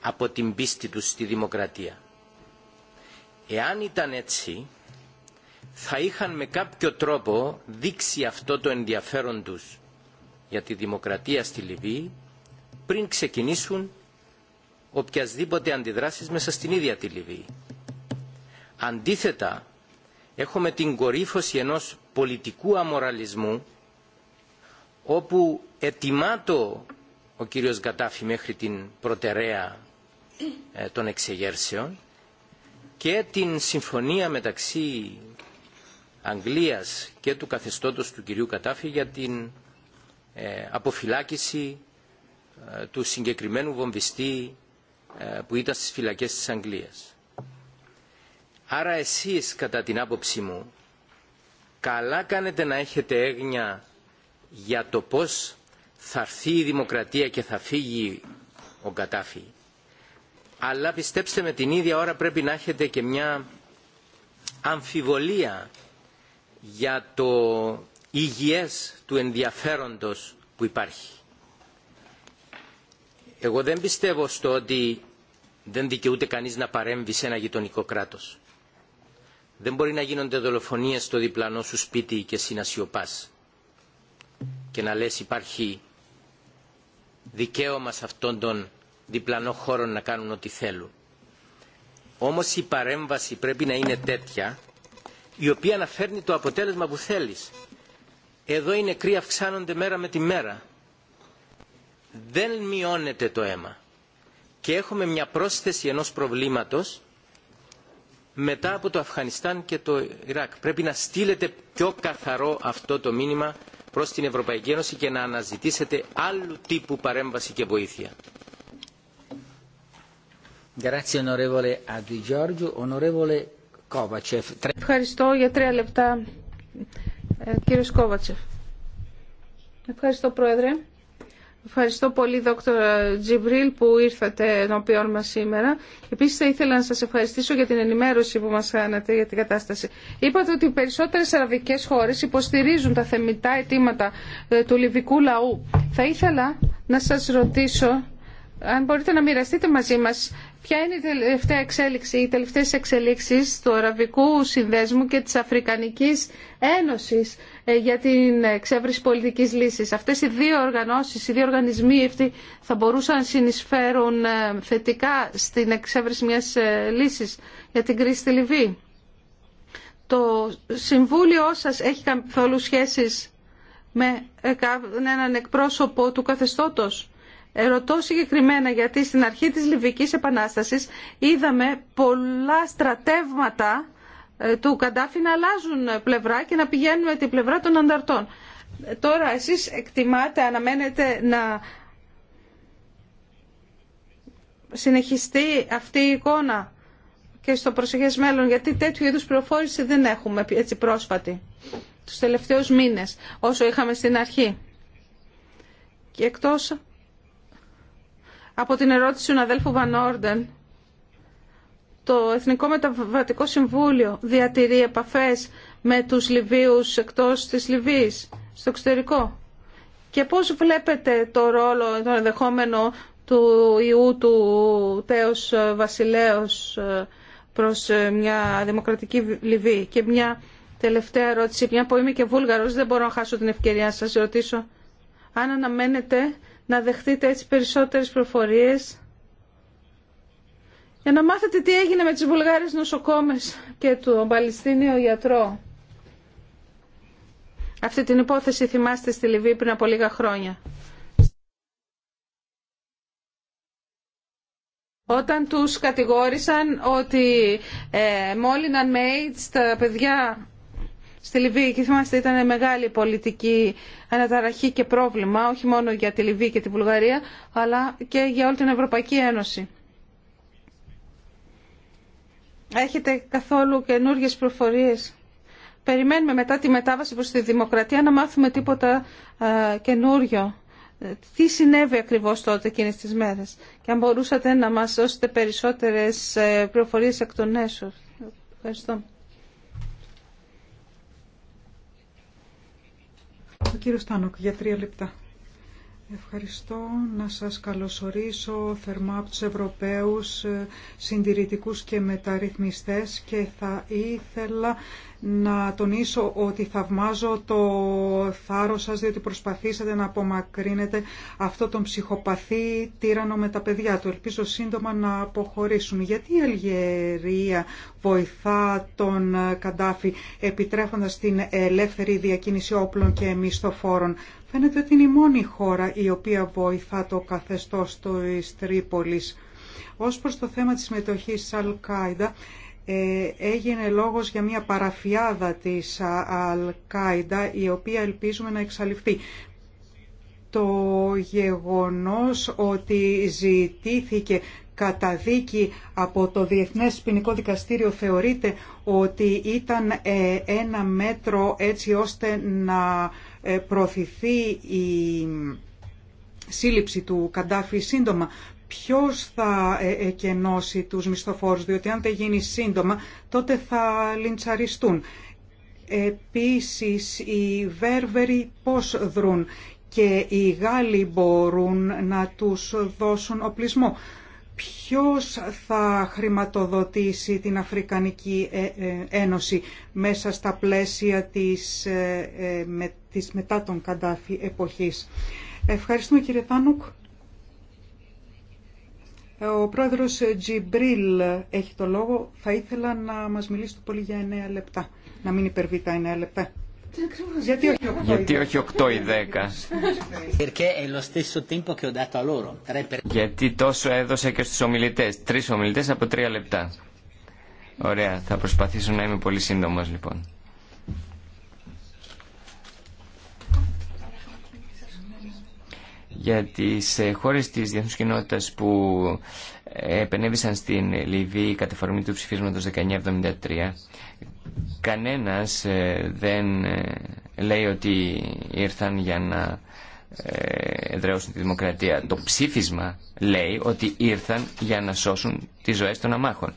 από την πίστη τους στη δημοκρατία. Εάν ήταν έτσι, θα είχαν με κάποιο τρόπο δείξει αυτό το ενδιαφέρον τους για τη δημοκρατία στη Λιβύη πριν ξεκινήσουν οποιασδήποτε αντιδράσεις μέσα στην ίδια τη Λιβύη. Αντίθετα, έχουμε την κορύφωση ενός πολιτικού αμοραλισμού όπου ετοιμάτω ο κύριος Γκατάφη μέχρι την προτεραία ε, των εξεγέρσεων και την συμφωνία μεταξύ Αγγλίας και του καθεστώτος του κυρίου Κατάφη για την ε, αποφυλάκηση ε, του συγκεκριμένου βομβιστή που ήταν στις φυλακές της Αγγλίας. Άρα εσείς κατά την άποψή μου καλά κάνετε να έχετε έγνοια για το πώς θα έρθει η δημοκρατία και θα φύγει ο Κατάφη. Αλλά πιστέψτε με την ίδια ώρα πρέπει να έχετε και μια αμφιβολία για το υγιές του ενδιαφέροντος που υπάρχει. Εγώ δεν πιστεύω στο ότι δεν δικαιούται κανείς να παρέμβει σε ένα γειτονικό κράτος. Δεν μπορεί να γίνονται δολοφονίες στο διπλανό σου σπίτι και εσύ να σιωπάς και να λες υπάρχει δικαίωμα σε αυτόν τον διπλανό χώρο να κάνουν ό,τι θέλουν. Όμως η παρέμβαση πρέπει να είναι τέτοια η οποία να φέρνει το αποτέλεσμα που θέλεις. Εδώ οι νεκροί αυξάνονται μέρα με τη μέρα. Δεν μειώνεται το αίμα. Και έχουμε μια πρόσθεση ενός προβλήματος μετά από το Αφγανιστάν και το Ιράκ. Πρέπει να στείλετε πιο καθαρό αυτό το μήνυμα προς την Ευρωπαϊκή Ένωση και να αναζητήσετε άλλου τύπου παρέμβαση και βοήθεια. Ευχαριστώ για τρία λεπτά, ε, κύριε Σκόβατσεφ. Ευχαριστώ, Πρόεδρε. Ευχαριστώ πολύ, Δόκτωρ Τζιμπρίλ, που ήρθατε ενώπιον μα σήμερα. Επίσης, θα ήθελα να σας ευχαριστήσω για την ενημέρωση που μας κάνατε για την κατάσταση. Είπατε ότι οι περισσότερες Αραβικέ χώρε υποστηρίζουν τα θεμητά αιτήματα ε, του λιβικού λαού. Θα ήθελα να σας ρωτήσω αν μπορείτε να μοιραστείτε μαζί μα, Ποια είναι η τελευταία εξέλιξη, οι τελευταίες εξελίξεις του Αραβικού Συνδέσμου και της Αφρικανικής Ένωσης ε, για την εξέβριση πολιτικής λύσης. Αυτές οι δύο οργανώσεις, οι δύο οργανισμοί αυτοί θα μπορούσαν να συνεισφέρουν ε, θετικά στην εξέβριση μιας ε, λύσης για την κρίση στη Λιβύη. Το Συμβούλιο σας έχει καθόλου σχέσεις με έναν εκπρόσωπο του καθεστώτος Ρωτώ συγκεκριμένα γιατί στην αρχή της Λιβυκής Επανάστασης είδαμε πολλά στρατεύματα ε, του Καντάφη να αλλάζουν πλευρά και να πηγαίνουν την πλευρά των ανταρτών. Ε, τώρα εσείς εκτιμάτε, αναμένετε να συνεχιστεί αυτή η εικόνα και στο προσεχές μέλλον, γιατί τέτοιου είδους πληροφόρηση δεν έχουμε έτσι πρόσφατη τους τελευταίους μήνες, όσο είχαμε στην αρχή. Και εκτός από την ερώτηση του αδέλφου Βαν Όρντεν. Το Εθνικό Μεταβατικό Συμβούλιο διατηρεί επαφές με τους Λιβύους εκτός της Λιβύης, στο εξωτερικό. Και πώς βλέπετε το ρόλο, το ενδεχόμενο του Ιού του Τέος Βασιλέως ε, προς ε, μια δημοκρατική Λιβύη. Και μια τελευταία ερώτηση, μια που είμαι και βούλγαρος, δεν μπορώ να χάσω την ευκαιρία να σας ρωτήσω αν αναμένετε να δεχτείτε έτσι περισσότερες προφορίες για να μάθετε τι έγινε με τις Βουλγάρες νοσοκόμες και του Παλαιστίνιο γιατρό. Αυτή την υπόθεση θυμάστε στη Λιβύη πριν από λίγα χρόνια. Όταν τους κατηγόρησαν ότι ε, μόλυναν με AIDS τα παιδιά στη Λιβύη και θυμάστε ήταν μεγάλη πολιτική αναταραχή και πρόβλημα όχι μόνο για τη Λιβύη και τη Βουλγαρία αλλά και για όλη την Ευρωπαϊκή Ένωση. Έχετε καθόλου καινούργιες προφορίες. Περιμένουμε μετά τη μετάβαση προς τη δημοκρατία να μάθουμε τίποτα καινούριο. Τι συνέβη ακριβώς τότε εκείνες τις μέρες. Και αν μπορούσατε να μας δώσετε περισσότερες ε, προφορίες εκ των έσω. Ευχαριστώ. κύριος για τρία λεπτά. Ευχαριστώ να σας καλωσορίσω θερμά από τους Ευρωπαίους ε, συντηρητικούς και μεταρρυθμιστές και θα ήθελα να τονίσω ότι θαυμάζω το θάρρος σας διότι προσπαθήσατε να απομακρύνετε αυτό τον ψυχοπαθή τύρανο με τα παιδιά του. Ελπίζω σύντομα να αποχωρήσουν. Γιατί η Αλγερία βοηθά τον Καντάφη επιτρέφοντας την ελεύθερη διακίνηση όπλων και μισθοφόρων. Φαίνεται ότι είναι η μόνη χώρα η οποία βοηθά το καθεστώς του Τρίπολης. Ως προς το θέμα της συμμετοχής της αλ ε, έγινε λόγος για μια παραφιάδα της Αλ-Κάιντα, η οποία ελπίζουμε να εξαλειφθεί. Το γεγονός ότι ζητήθηκε καταδίκη από το Διεθνές Ποινικό Δικαστήριο θεωρείται ότι ήταν ε, ένα μέτρο έτσι ώστε να ε, προωθηθεί η σύλληψη του Καντάφη σύντομα ποιος θα ε, εκενώσει τους μισθοφόρους, διότι αν δεν γίνει σύντομα τότε θα λιντσαριστούν. Επίσης οι Βέρβεροι πώς δρούν και οι Γάλλοι μπορούν να τους δώσουν οπλισμό. Ποιος θα χρηματοδοτήσει την Αφρικανική ε, ε, Ένωση μέσα στα πλαίσια της, μετά τον Καντάφη εποχής. Ευχαριστούμε κύριε Τάνουκ. Ο πρόεδρος Τζιμπρίλ έχει το λόγο. Θα ήθελα να μας μιλήσει το πολύ για 9 λεπτά. Να μην υπερβεί τα 9 λεπτά. Γιατί όχι 8 ή 10. Γιατί τόσο έδωσε και στους ομιλητές. Τρεις ομιλητές από τρία λεπτά. Ωραία. Θα προσπαθήσω να είμαι πολύ σύντομος λοιπόν. για τις ε, χώρες της διεθνούς κοινότητας που ε, επενέβησαν στην Λιβύη κατά του ψηφίσματος 1973 κανένας ε, δεν λέει ότι ήρθαν για να εδραιώσουν τη δημοκρατία. Το ψήφισμα λέει ότι ήρθαν για να σώσουν τις ζωές των αμάχων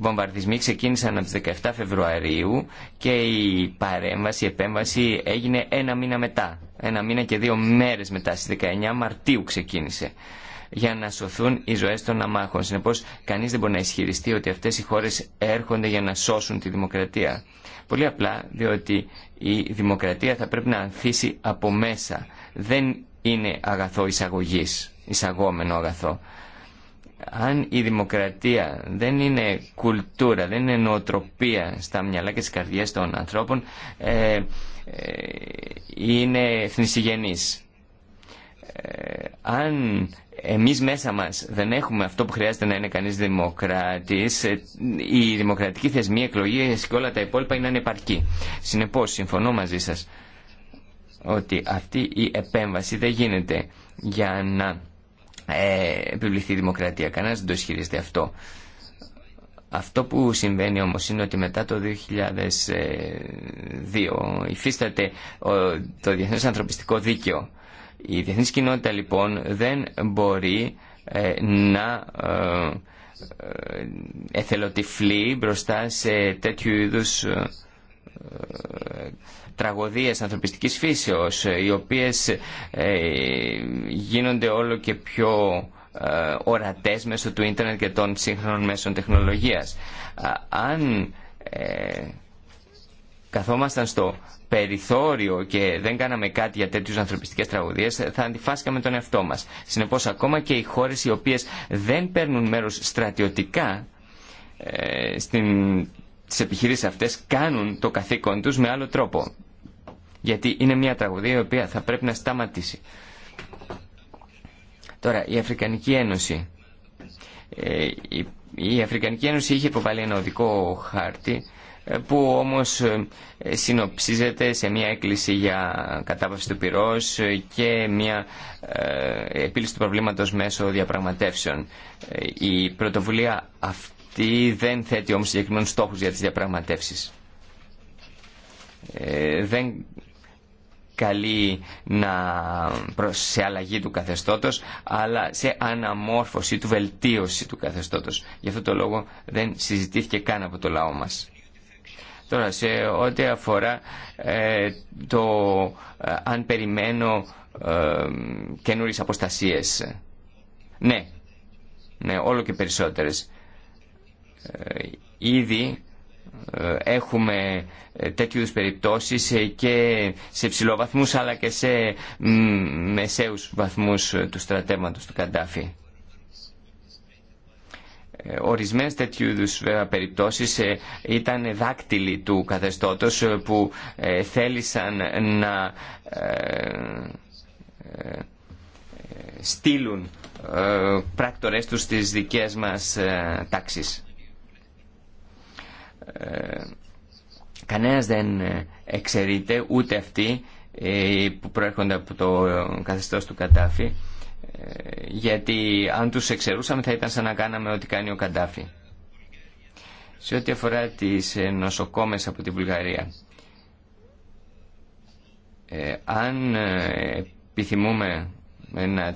βομβαρδισμοί ξεκίνησαν από τις 17 Φεβρουαρίου και η παρέμβαση, η επέμβαση έγινε ένα μήνα μετά. Ένα μήνα και δύο μέρες μετά, στις 19 Μαρτίου ξεκίνησε για να σωθούν οι ζωές των αμάχων. Συνεπώς, κανείς δεν μπορεί να ισχυριστεί ότι αυτές οι χώρες έρχονται για να σώσουν τη δημοκρατία. Πολύ απλά, διότι η δημοκρατία θα πρέπει να ανθίσει από μέσα. Δεν είναι αγαθό εισαγωγής, εισαγόμενο αγαθό αν η δημοκρατία δεν είναι κουλτούρα, δεν είναι νοοτροπία στα μυαλά και στις καρδιές των ανθρώπων, ε, ε, είναι θνησιγενής. Ε, αν εμείς μέσα μας δεν έχουμε αυτό που χρειάζεται να είναι κανείς δημοκράτης, η δημοκρατική θεσμή, εκλογή και όλα τα υπόλοιπα είναι ανεπαρκή. Συνεπώς, συμφωνώ μαζί σας ότι αυτή η επέμβαση δεν γίνεται για να ε, επιβληθεί η δημοκρατία. κανένα δεν το ισχυρίζεται αυτό. Αυτό που συμβαίνει όμως είναι ότι μετά το 2002 υφίσταται το Διεθνές Ανθρωπιστικό Δίκαιο. Η διεθνής κοινότητα λοιπόν δεν μπορεί ε, να ε, εθελοτυφλεί μπροστά σε τέτοιου είδους τραγωδίες ανθρωπιστικής φύσεως ε, οι οποίες ε, γίνονται όλο και πιο ε, ορατές μέσω του ίντερνετ και των σύγχρονων μέσων τεχνολογίας. Αν καθόμασταν στο περιθώριο και δεν κάναμε κάτι για τέτοιου ανθρωπιστικέ τραγωδίε, θα αντιφάσκαμε τον εαυτό μα. Συνεπώ, ακόμα και οι χώρε οι οποίε δεν παίρνουν μέρο στρατιωτικά ε, στι επιχειρήσει αυτέ κάνουν το καθήκον του με άλλο τρόπο. Γιατί είναι μια τραγωδία η οποία θα πρέπει να σταματήσει. Τώρα, η Αφρικανική Ένωση. Ε, η Αφρικανική Ένωση είχε υποβάλει ένα οδικό χάρτη ε, που όμως ε, συνοψίζεται σε μια έκκληση για κατάβαση του πυρός και μια επίλυση του προβλήματος μέσω διαπραγματεύσεων. Η πρωτοβουλία αυτή δεν θέτει όμως συγκεκριμένους στόχους για τις διαπραγματεύσεις. Δεν καλεί να σε αλλαγή του καθεστώτος, αλλά σε αναμόρφωση του βελτίωση του καθεστώτος. Γι' αυτό το λόγο δεν συζητήθηκε καν από το λαό μας. Τώρα, σε ό,τι αφορά ε, το ε, αν περιμένω ε, καινούριες αποστασίες. Ναι, ναι, όλο και περισσότερες. Ε, ήδη ε, έχουμε ε, τέτοιου περιπτώσεις ε, και σε ψηλοβαθμούς αλλά και σε μεσαίους βαθμούς του στρατέματος του Καντάφη. Ορισμένες τέτοιου είδους περιπτώσεις ήταν δάκτυλοι του καθεστώτος που θέλησαν να στείλουν πράκτορες τους στις δικές μας τάξεις κανένας δεν ε, εξαιρείται, ούτε αυτοί ε, που προέρχονται από το καθεστώς του Καντάφη, ε, γιατί αν τους εξαιρούσαμε θα ήταν σαν να κάναμε ό,τι κάνει ο Καντάφη. Σε ό,τι αφορά τις νοσοκόμες από την Βουλγαρία, αν επιθυμούμε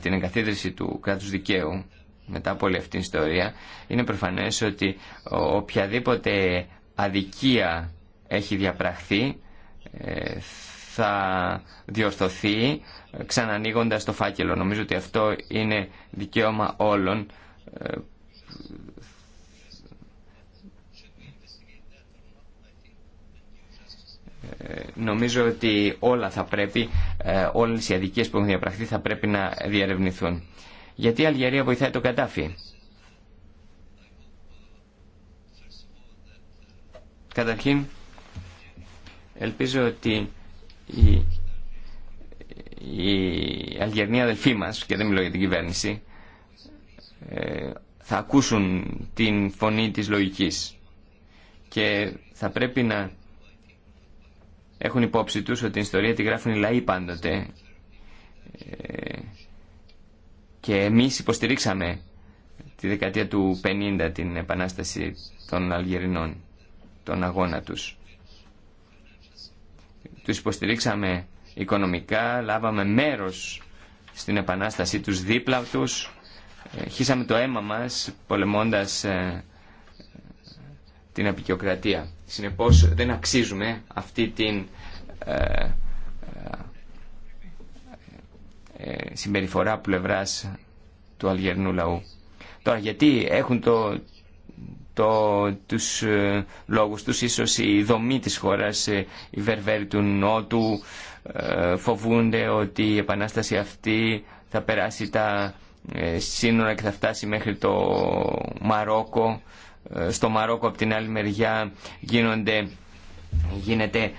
την εγκαθίδρυση του κράτους δικαίου μετά από όλη αυτήν την ιστορία, είναι προφανές ότι οποιαδήποτε αδικία έχει διαπραχθεί ε, θα διορθωθεί ε, ξανανοίγοντας το φάκελο. Νομίζω ότι αυτό είναι δικαίωμα όλων. Ε, νομίζω ότι όλα θα πρέπει, όλες οι αδικίες που έχουν διαπραχθεί θα πρέπει να διαρευνηθούν. Γιατί η Αλγερία βοηθάει τον Καντάφη. Καταρχήν, ελπίζω ότι η, η Αλγερνοί αδελφοί μας, και δεν μιλώ για την κυβέρνηση, ε, θα ακούσουν την φωνή της λογικής και θα πρέπει να έχουν υπόψη τους ότι την ιστορία τη γράφουν οι λαοί πάντοτε ε, και εμείς υποστηρίξαμε τη δεκαετία του 50 την επανάσταση των Αλγερινών τον αγώνα τους. Τους υποστηρίξαμε οικονομικά, λάβαμε μέρος στην επανάστασή τους δίπλα τους, ε, χύσαμε το αίμα μας πολεμώντας ε, την απεικιοκρατία. Συνεπώς δεν αξίζουμε αυτή την ε, συμπεριφορά πλευράς του αλγερνού λαού. Τώρα γιατί έχουν το, το, τους ε, λόγους τους. Ίσως η δομή της χώρας, ε, οι Βερβέροι του Νότου ε, φοβούνται ότι η επανάσταση αυτή θα περάσει τα ε, σύνορα και θα φτάσει μέχρι το Μαρόκο. Στο Μαρόκο από την άλλη μεριά γίνονται, γίνεται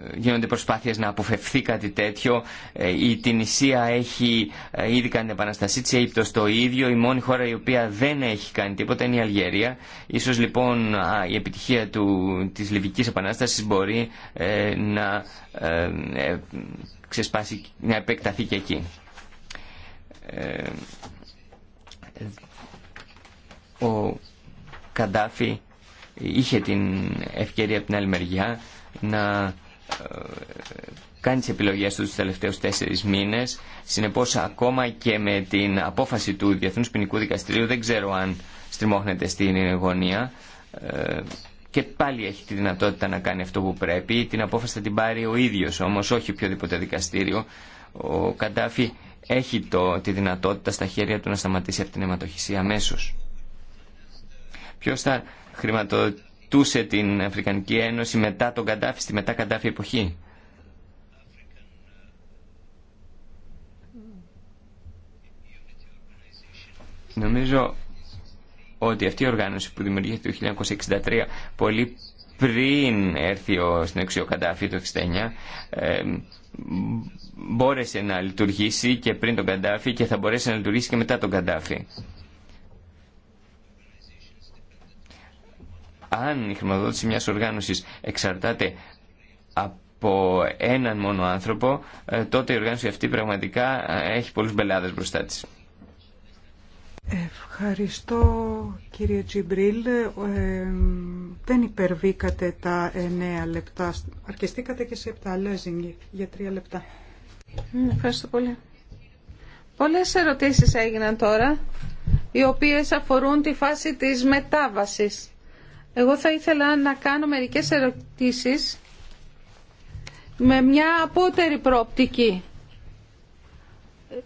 ε, γίνονται προσπάθειες να αποφευθεί κάτι τέτοιο. Ε, η Τινησία έχει ε, ήδη κάνει την επαναστασή της, η το ίδιο. Η μόνη χώρα η οποία δεν έχει κάνει τίποτα είναι η Αλγερία. Ίσως λοιπόν η επιτυχία του, της Λιβικής Επανάστασης μπορεί να, ξεσπάσει, να επεκταθεί και εκεί. ο Καντάφη είχε την ευκαιρία από την άλλη μεριά να κάνει τις επιλογές του τους τελευταίους τέσσερις μήνες. Συνεπώς ακόμα και με την απόφαση του Διεθνούς Ποινικού Δικαστηρίου δεν ξέρω αν στριμώχνεται στην γωνία ε, και πάλι έχει τη δυνατότητα να κάνει αυτό που πρέπει. Την απόφαση θα την πάρει ο ίδιος όμως, όχι οποιοδήποτε δικαστήριο. Ο Καντάφη έχει το, τη δυνατότητα στα χέρια του να σταματήσει από την αιματοχυσία αμέσως Ποιο θα χρηματοδοτήσει Τούσε την Αφρικανική Ένωση μετά τον Καντάφη, στη μετά Καντάφη εποχή. Νομίζω ότι αυτή η οργάνωση που δημιουργήθηκε το 1963, πολύ πριν έρθει ο, στην εξουσία ο το 1969, ε, μπόρεσε να λειτουργήσει και πριν τον Καντάφη και θα μπορέσει να λειτουργήσει και μετά τον Καντάφη. αν η χρηματοδότηση μιας οργάνωσης εξαρτάται από έναν μόνο άνθρωπο, ε, τότε η οργάνωση αυτή πραγματικά ε, έχει πολλούς μπελάδες μπροστά της. Ευχαριστώ κύριε Τζιμπρίλ. Ε, δεν υπερβήκατε τα 9 λεπτά. Αρκεστήκατε και σε επτά για τρία λεπτά. Ευχαριστώ πολύ. Πολλές ερωτήσεις έγιναν τώρα, οι οποίες αφορούν τη φάση της μετάβασης εγώ θα ήθελα να κάνω μερικές ερωτήσεις με μια απότερη πρόπτικη.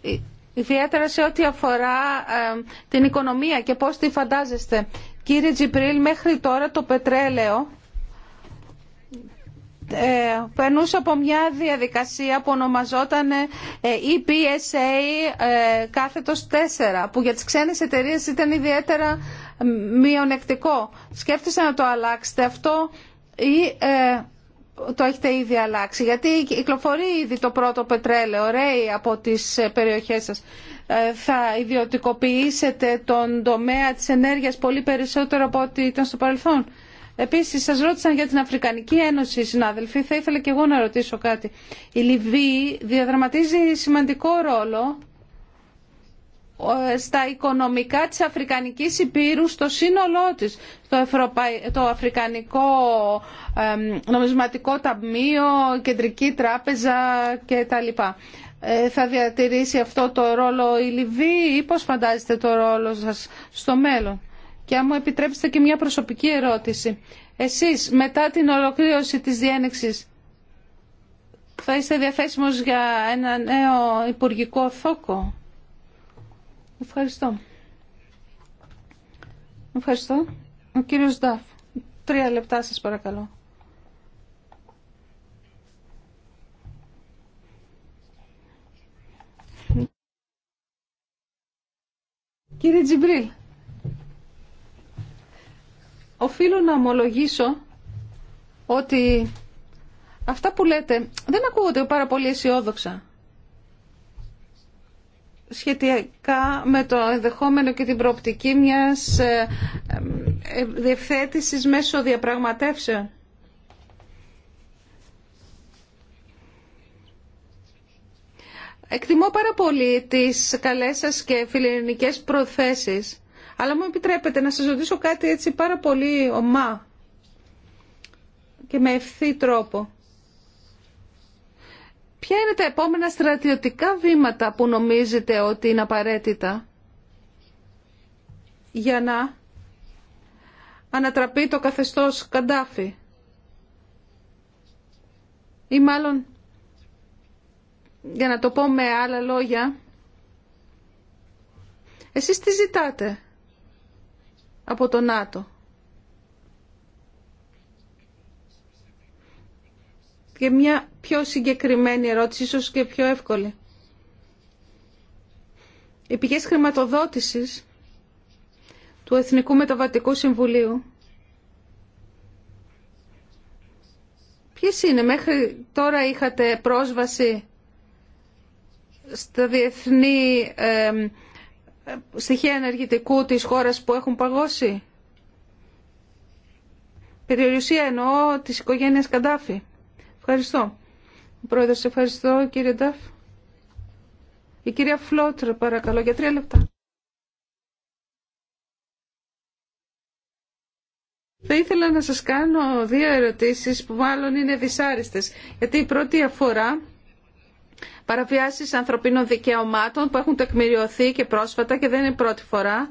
Ε, ιδιαίτερα σε ό,τι αφορά την οικονομία και πώς τη φαντάζεστε. Κύριε Τζιπρίλ, μέχρι τώρα το πετρέλαιο ε, περνούσε από μια διαδικασία που ονομαζόταν ε, EPSA ε, κάθετος 4 που για τις ξένες εταιρείες ήταν ιδιαίτερα μειονεκτικό. Σκέφτεστε να το αλλάξετε αυτό ή ε, το έχετε ήδη αλλάξει. Γιατί κυκλοφορεί ήδη το πρώτο πετρέλαιο, ρέει από τις ε, περιοχές σας. Ε, θα ιδιωτικοποιήσετε τον τομέα της ενέργειας πολύ περισσότερο από ό,τι ήταν στο παρελθόν. Επίσης, σας ρώτησαν για την Αφρικανική Ένωση, συνάδελφοι. Θα ήθελα και εγώ να ρωτήσω κάτι. Η Λιβύη διαδραματίζει σημαντικό ρόλο ε, στα οικονομικά της Αφρικανικής Υπήρου στο σύνολό της. Το, το Αφρικανικό Νομισματικό Ταμείο, Κεντρική Τράπεζα κτλ. Ε, θα διατηρήσει αυτό το ρόλο η Λιβύη ή πώς φαντάζεστε το ρόλο σας στο μέλλον. Και αν μου επιτρέψετε και μια προσωπική ερώτηση. Εσείς μετά την ολοκλήρωση της διένεξης θα είστε διαθέσιμος για ένα νέο υπουργικό θόκο. Ευχαριστώ. Ευχαριστώ. Ο κύριος Νταφ. Τρία λεπτά σας παρακαλώ. Κύριε Τζιμπρίλ, οφείλω να ομολογήσω ότι αυτά που λέτε δεν ακούγονται πάρα πολύ αισιόδοξα σχετικά με το ενδεχόμενο και την προοπτική μιας ε, ε, ε, διευθέτησης μέσω διαπραγματεύσεων. Εκτιμώ πάρα πολύ τις καλές σας και φιλελληνικές προθέσεις, αλλά μου επιτρέπετε να σας ρωτήσω κάτι έτσι πάρα πολύ ομά και με ευθύ τρόπο. Ποια είναι τα επόμενα στρατιωτικά βήματα που νομίζετε ότι είναι απαραίτητα για να ανατραπεί το καθεστώς Καντάφη ή μάλλον για να το πω με άλλα λόγια εσείς τι ζητάτε από το ΝΑΤΟ και μια πιο συγκεκριμένη ερώτηση, ίσως και πιο εύκολη. Οι πηγές χρηματοδότησης του Εθνικού Μεταβατικού Συμβουλίου Ποιες είναι, μέχρι τώρα είχατε πρόσβαση στα διεθνή στοιχεία ενεργητικού της χώρας που έχουν παγώσει. Περιοριουσία εννοώ της οικογένειας Καντάφη. Ευχαριστώ. Πρόεδρε, σε ευχαριστώ κύριε Νταφ. Η κυρία Φλότρ, παρακαλώ, για τρία λεπτά. Θα ήθελα να σας κάνω δύο ερωτήσεις που μάλλον είναι δυσάρεστες. Γιατί η πρώτη αφορά παραβιάσεις ανθρωπίνων δικαιωμάτων που έχουν τεκμηριωθεί και πρόσφατα και δεν είναι πρώτη φορά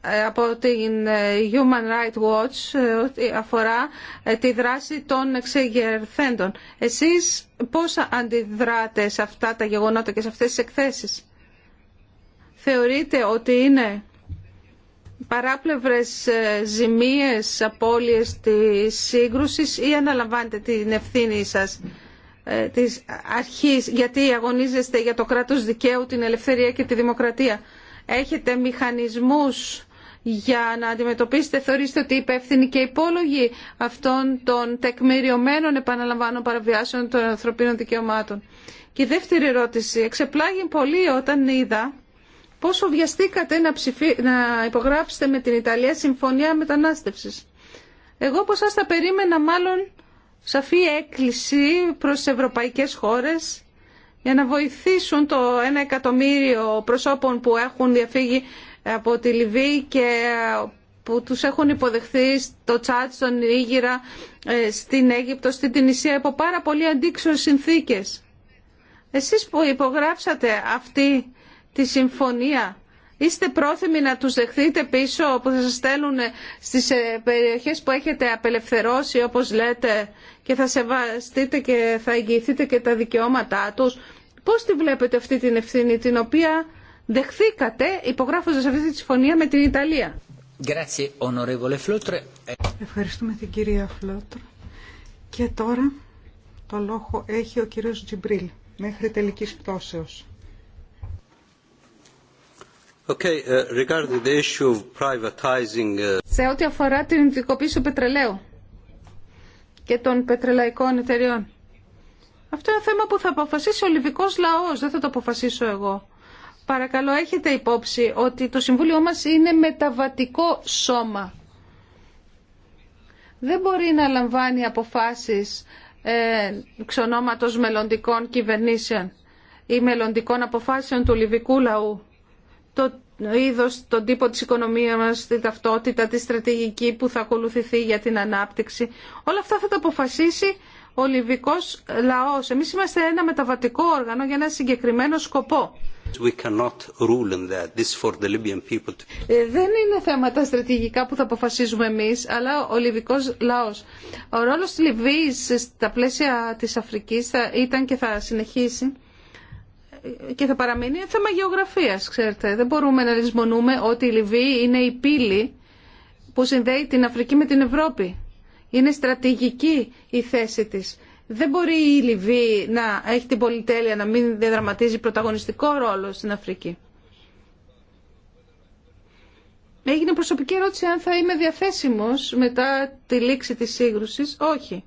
από την ε, Human Rights Watch ε, ότι αφορά ε, τη δράση των εξεγερθέντων. Εσείς πώς αντιδράτε σε αυτά τα γεγονότα και σε αυτές τις εκθέσεις. Θεωρείτε ότι είναι παράπλευρες ζημίες, απώλειες της σύγκρουσης ή αναλαμβάνετε την ευθύνη σας της αρχής γιατί αγωνίζεστε για το κράτος δικαίου, την ελευθερία και τη δημοκρατία. Έχετε μηχανισμούς για να αντιμετωπίσετε θεωρήσετε ότι υπεύθυνοι και υπόλογοι αυτών των τεκμηριωμένων επαναλαμβάνων παραβιάσεων των ανθρωπίνων δικαιωμάτων. Και η δεύτερη ερώτηση. Εξεπλάγει πολύ όταν είδα πόσο βιαστήκατε να, να υπογράψετε με την Ιταλία συμφωνία μετανάστευσης. Εγώ πως σας θα περίμενα μάλλον σαφή έκκληση προς ευρωπαϊκές χώρες για να βοηθήσουν το ένα εκατομμύριο προσώπων που έχουν διαφύγει από τη Λιβύη και ε, που τους έχουν υποδεχθεί στο Τσάτ, στον Ήγυρα, ε, στην Αίγυπτο, στην Τινησία από πάρα πολύ αντίξωες συνθήκες. Εσείς που υπογράψατε αυτή τη συμφωνία, είστε πρόθυμοι να τους δεχθείτε πίσω που θα σας στέλνουν στις ε, περιοχές που έχετε απελευθερώσει όπως λέτε και θα σεβαστείτε και θα εγγυηθείτε και τα δικαιώματά τους. Πώς τη βλέπετε αυτή την ευθύνη την οποία δεχθήκατε υπογράφοντα αυτή τη συμφωνία με την Ιταλία. Ευχαριστούμε την κυρία Φλότρο. Και τώρα το λόγο έχει ο κύριος Τζιμπρίλ μέχρι τελική πτώσεως. Uh, uh, Σε ό,τι αφορά την ιδιωτικοποίηση του πετρελαίου και των πετρελαϊκών εταιριών. Αυτό είναι θέμα που θα αποφασίσει ο λιβικός λαός, δεν θα το αποφασίσω εγώ. Παρακαλώ, έχετε υπόψη ότι το Συμβούλιο μας είναι μεταβατικό σώμα. Δεν μπορεί να λαμβάνει αποφάσεις ε, ξονόματος μελλοντικών κυβερνήσεων ή μελλοντικών αποφάσεων του λιβικού λαού. Το είδος, τον τύπο της οικονομίας μας, τη ταυτότητα, τη στρατηγική που θα ακολουθηθεί για την ανάπτυξη. Όλα αυτά θα τα αποφασίσει ο λιβικός λαός. Εμείς είμαστε ένα μεταβατικό όργανο για ένα συγκεκριμένο σκοπό. Ε, δεν είναι θέματα στρατηγικά που θα αποφασίζουμε εμείς, αλλά ο λιβικός λαός. Ο ρόλος της Λιβύης στα πλαίσια της Αφρικής θα ήταν και θα συνεχίσει και θα παραμείνει θέμα γεωγραφίας, ξέρετε. Δεν μπορούμε να λησμονούμε ότι η Λιβύη είναι η πύλη που συνδέει την Αφρική με την Ευρώπη. Είναι στρατηγική η θέση της δεν μπορεί η Λιβύη να έχει την πολυτέλεια να μην διαδραματίζει πρωταγωνιστικό ρόλο στην Αφρική. Έγινε προσωπική ερώτηση αν θα είμαι διαθέσιμος μετά τη λήξη της σύγκρουσης. Όχι.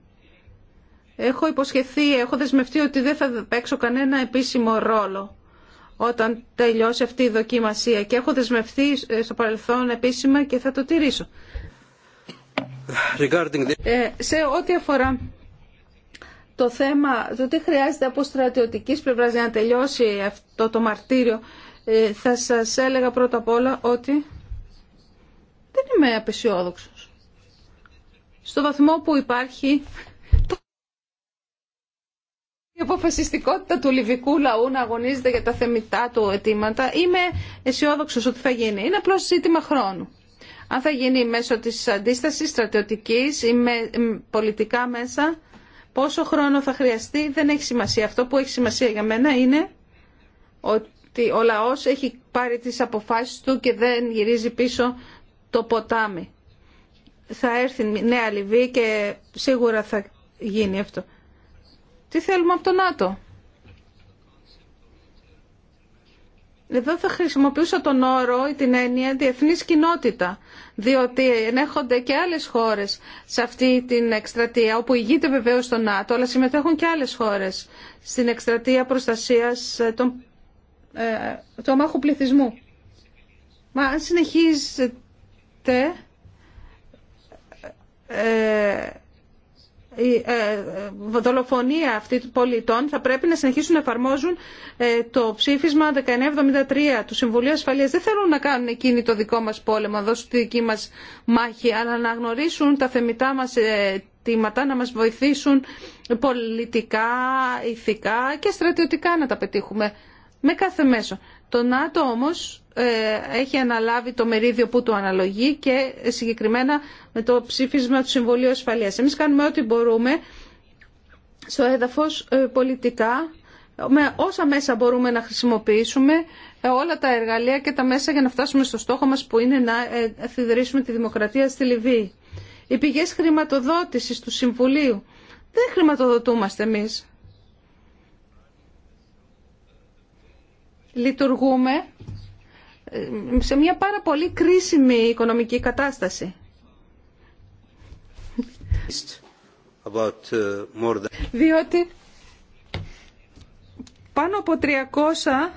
Έχω υποσχεθεί, έχω δεσμευτεί ότι δεν θα παίξω κανένα επίσημο ρόλο όταν τελειώσει αυτή η δοκιμασία και έχω δεσμευτεί στο παρελθόν επίσημα και θα το τηρήσω. Ε, σε ό,τι αφορά το θέμα το τι χρειάζεται από στρατιωτικής πλευράς για να τελειώσει αυτό το μαρτύριο ε, θα σας έλεγα πρώτα απ' όλα ότι δεν είμαι απεσιόδοξος. Στο βαθμό που υπάρχει η αποφασιστικότητα του λιβικού λαού να αγωνίζεται για τα θεμητά του αιτήματα, είμαι αισιόδοξο ότι θα γίνει. Είναι απλώ ζήτημα χρόνου. Αν θα γίνει μέσω της αντίστασης στρατιωτικής ή με πολιτικά μέσα, Πόσο χρόνο θα χρειαστεί δεν έχει σημασία. Αυτό που έχει σημασία για μένα είναι ότι ο λαός έχει πάρει τις αποφάσεις του και δεν γυρίζει πίσω το ποτάμι. Θα έρθει νέα Λιβύη και σίγουρα θα γίνει αυτό. Τι θέλουμε από το ΝΑΤΟ. Εδώ θα χρησιμοποιούσα τον όρο ή την έννοια στον κοινότητα, διότι ενέχονται και άλλες χώρες σε αυτή την εκστρατεία, όπου ηγείται βεβαιω το ΝΑΤΟ, αλλά συμμετέχουν και άλλες χώρες στην εκστρατεία προστασίας ε, ε, του αμάχου πληθυσμού. Μα αν συνεχίζετε... Ε, η ε, ε, δολοφονία αυτή των πολιτών θα πρέπει να συνεχίσουν να εφαρμόζουν ε, το ψήφισμα 1973 του Συμβουλίου Ασφαλείας. Δεν θέλουν να κάνουν εκείνοι το δικό μας πόλεμο, να δώσουν τη δική μας μάχη, αλλά να γνωρίσουν τα θεμητά μας τίματα να μας βοηθήσουν πολιτικά, ηθικά και στρατιωτικά να τα πετύχουμε με κάθε μέσο. Το ΝΑΤΟ όμως ε, έχει αναλάβει το μερίδιο που του αναλογεί και συγκεκριμένα με το ψήφισμα του Συμβουλίου Ασφαλείας. Εμείς κάνουμε ό,τι μπορούμε στο έδαφος ε, πολιτικά με όσα μέσα μπορούμε να χρησιμοποιήσουμε ε, όλα τα εργαλεία και τα μέσα για να φτάσουμε στο στόχο μας που είναι να θυδρήσουμε τη δημοκρατία στη Λιβύη. Οι πηγές χρηματοδότησης του Συμβουλίου δεν χρηματοδοτούμαστε εμείς. Λειτουργούμε σε μια πάρα πολύ κρίσιμη οικονομική κατάσταση. Διότι πάνω από 300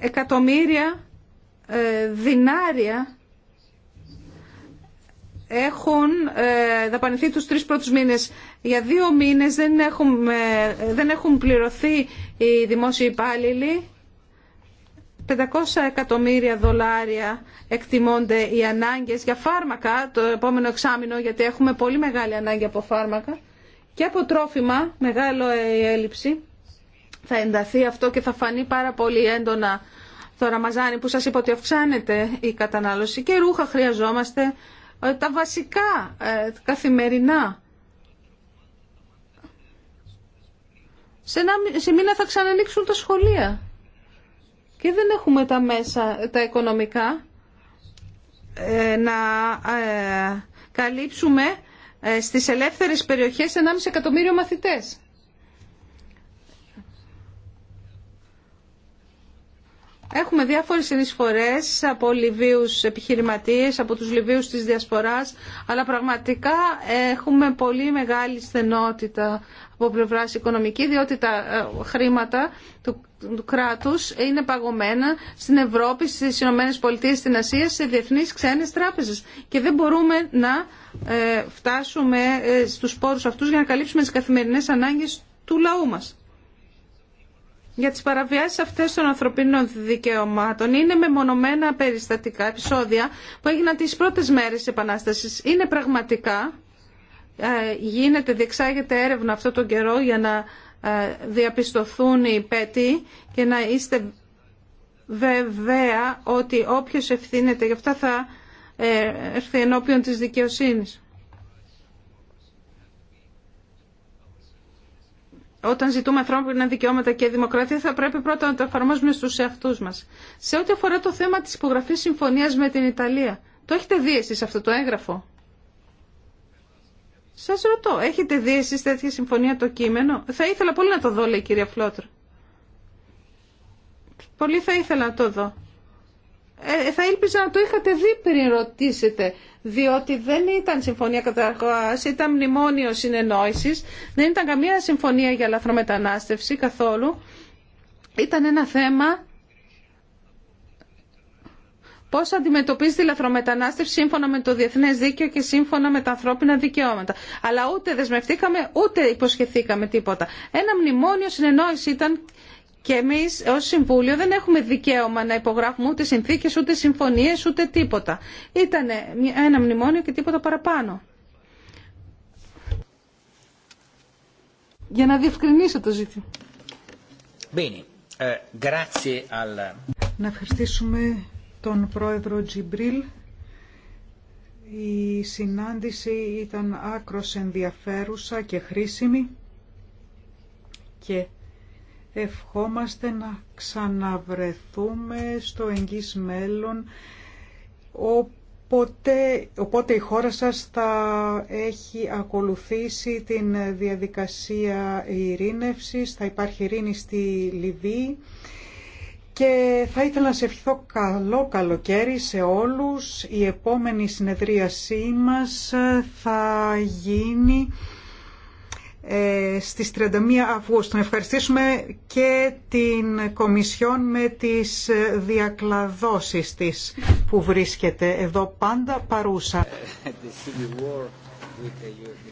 εκατομμύρια ε, δινάρια έχουν ε, δαπανηθεί τους τρεις πρώτους μήνες. Για δύο μήνες δεν έχουν, ε, δεν έχουν πληρωθεί οι δημόσιοι υπάλληλοι 500 εκατομμύρια δολάρια εκτιμώνται οι ανάγκες για φάρμακα το επόμενο εξάμηνο γιατί έχουμε πολύ μεγάλη ανάγκη από φάρμακα και από τρόφιμα, μεγάλο ε, έλλειψη. Θα ενταθεί αυτό και θα φανεί πάρα πολύ έντονα το ραμαζάνι που σας είπα ότι αυξάνεται η κατανάλωση και ρούχα χρειαζόμαστε ε, τα βασικά ε, καθημερινά. Σε, ένα, σε μήνα θα ξανανοίξουν τα σχολεία και δεν έχουμε τα μέσα τα οικονομικά ε, να ε, καλύψουμε ε, στις ελεύθερες περιοχές 1,5 εκατομμύριο μαθητές. Έχουμε διάφορες συνεισφορές από Λιβύους επιχειρηματίες, από τους Λιβύους της Διασποράς, αλλά πραγματικά έχουμε πολύ μεγάλη στενότητα από πλευρά οικονομική, διότι τα ε, χρήματα του, του κράτους είναι παγωμένα στην Ευρώπη, στις Ηνωμένες Πολιτείες, στην Ασία, σε διεθνείς ξένες τράπεζες. Και δεν μπορούμε να ε, φτάσουμε ε, στους πόρους αυτούς για να καλύψουμε τις καθημερινές ανάγκες του λαού μας για τις παραβιάσεις αυτές των ανθρωπίνων δικαιωμάτων είναι μεμονωμένα περιστατικά επεισόδια που έγιναν τις πρώτες μέρες της Επανάστασης. Είναι πραγματικά, ε, γίνεται, διεξάγεται έρευνα αυτό τον καιρό για να ε, διαπιστωθούν οι πέτοι και να είστε βεβαία ότι όποιος ευθύνεται γι' αυτά θα ε, έρθει ενώπιον της δικαιοσύνης. όταν ζητούμε ανθρώπινα δικαιώματα και δημοκρατία θα πρέπει πρώτα να το εφαρμόζουμε στους εαυτούς μας. Σε ό,τι αφορά το θέμα της υπογραφής συμφωνίας με την Ιταλία, το έχετε δει εσεί αυτό το έγγραφο. Σα ρωτώ, έχετε δει εσεί τέτοια συμφωνία το κείμενο. Θα ήθελα πολύ να το δω, λέει η κυρία Φλότρ. Πολύ θα ήθελα να το δω. Ε, ε, θα ήλπιζα να το είχατε δει πριν ρωτήσετε, διότι δεν ήταν συμφωνία καταρχάς, ήταν μνημόνιο συνεννόησης, δεν ήταν καμία συμφωνία για λαθρομετανάστευση καθόλου. Ήταν ένα θέμα πώς αντιμετωπίζει τη λαθρομετανάστευση σύμφωνα με το διεθνές δίκαιο και σύμφωνα με τα ανθρώπινα δικαιώματα. Αλλά ούτε δεσμευτήκαμε, ούτε υποσχεθήκαμε τίποτα. Ένα μνημόνιο συνεννόηση ήταν και εμεί ω Συμβούλιο δεν έχουμε δικαίωμα να υπογράφουμε ούτε συνθήκε ούτε συμφωνίε ούτε τίποτα. Ήταν ένα μνημόνιο και τίποτα παραπάνω. Για να διευκρινίσω το ζήτημα. Bene. Eh, grazie al... Να ευχαριστήσουμε τον πρόεδρο Τζιμπρίλ. Η συνάντηση ήταν άκρος ενδιαφέρουσα και χρήσιμη και Ευχόμαστε να ξαναβρεθούμε στο εγγύς μέλλον οπότε, οπότε η χώρα σας θα έχει ακολουθήσει την διαδικασία ειρήνευσης, θα υπάρχει ειρήνη στη Λιβύη και θα ήθελα να σε ευχηθώ καλό καλοκαίρι σε όλους. Η επόμενη συνεδρίασή μας θα γίνει ε, στις 31 Αυγούστου. Να ευχαριστήσουμε και την Κομισιόν με τις ε, διακλαδώσεις της που βρίσκεται εδώ πάντα παρούσα.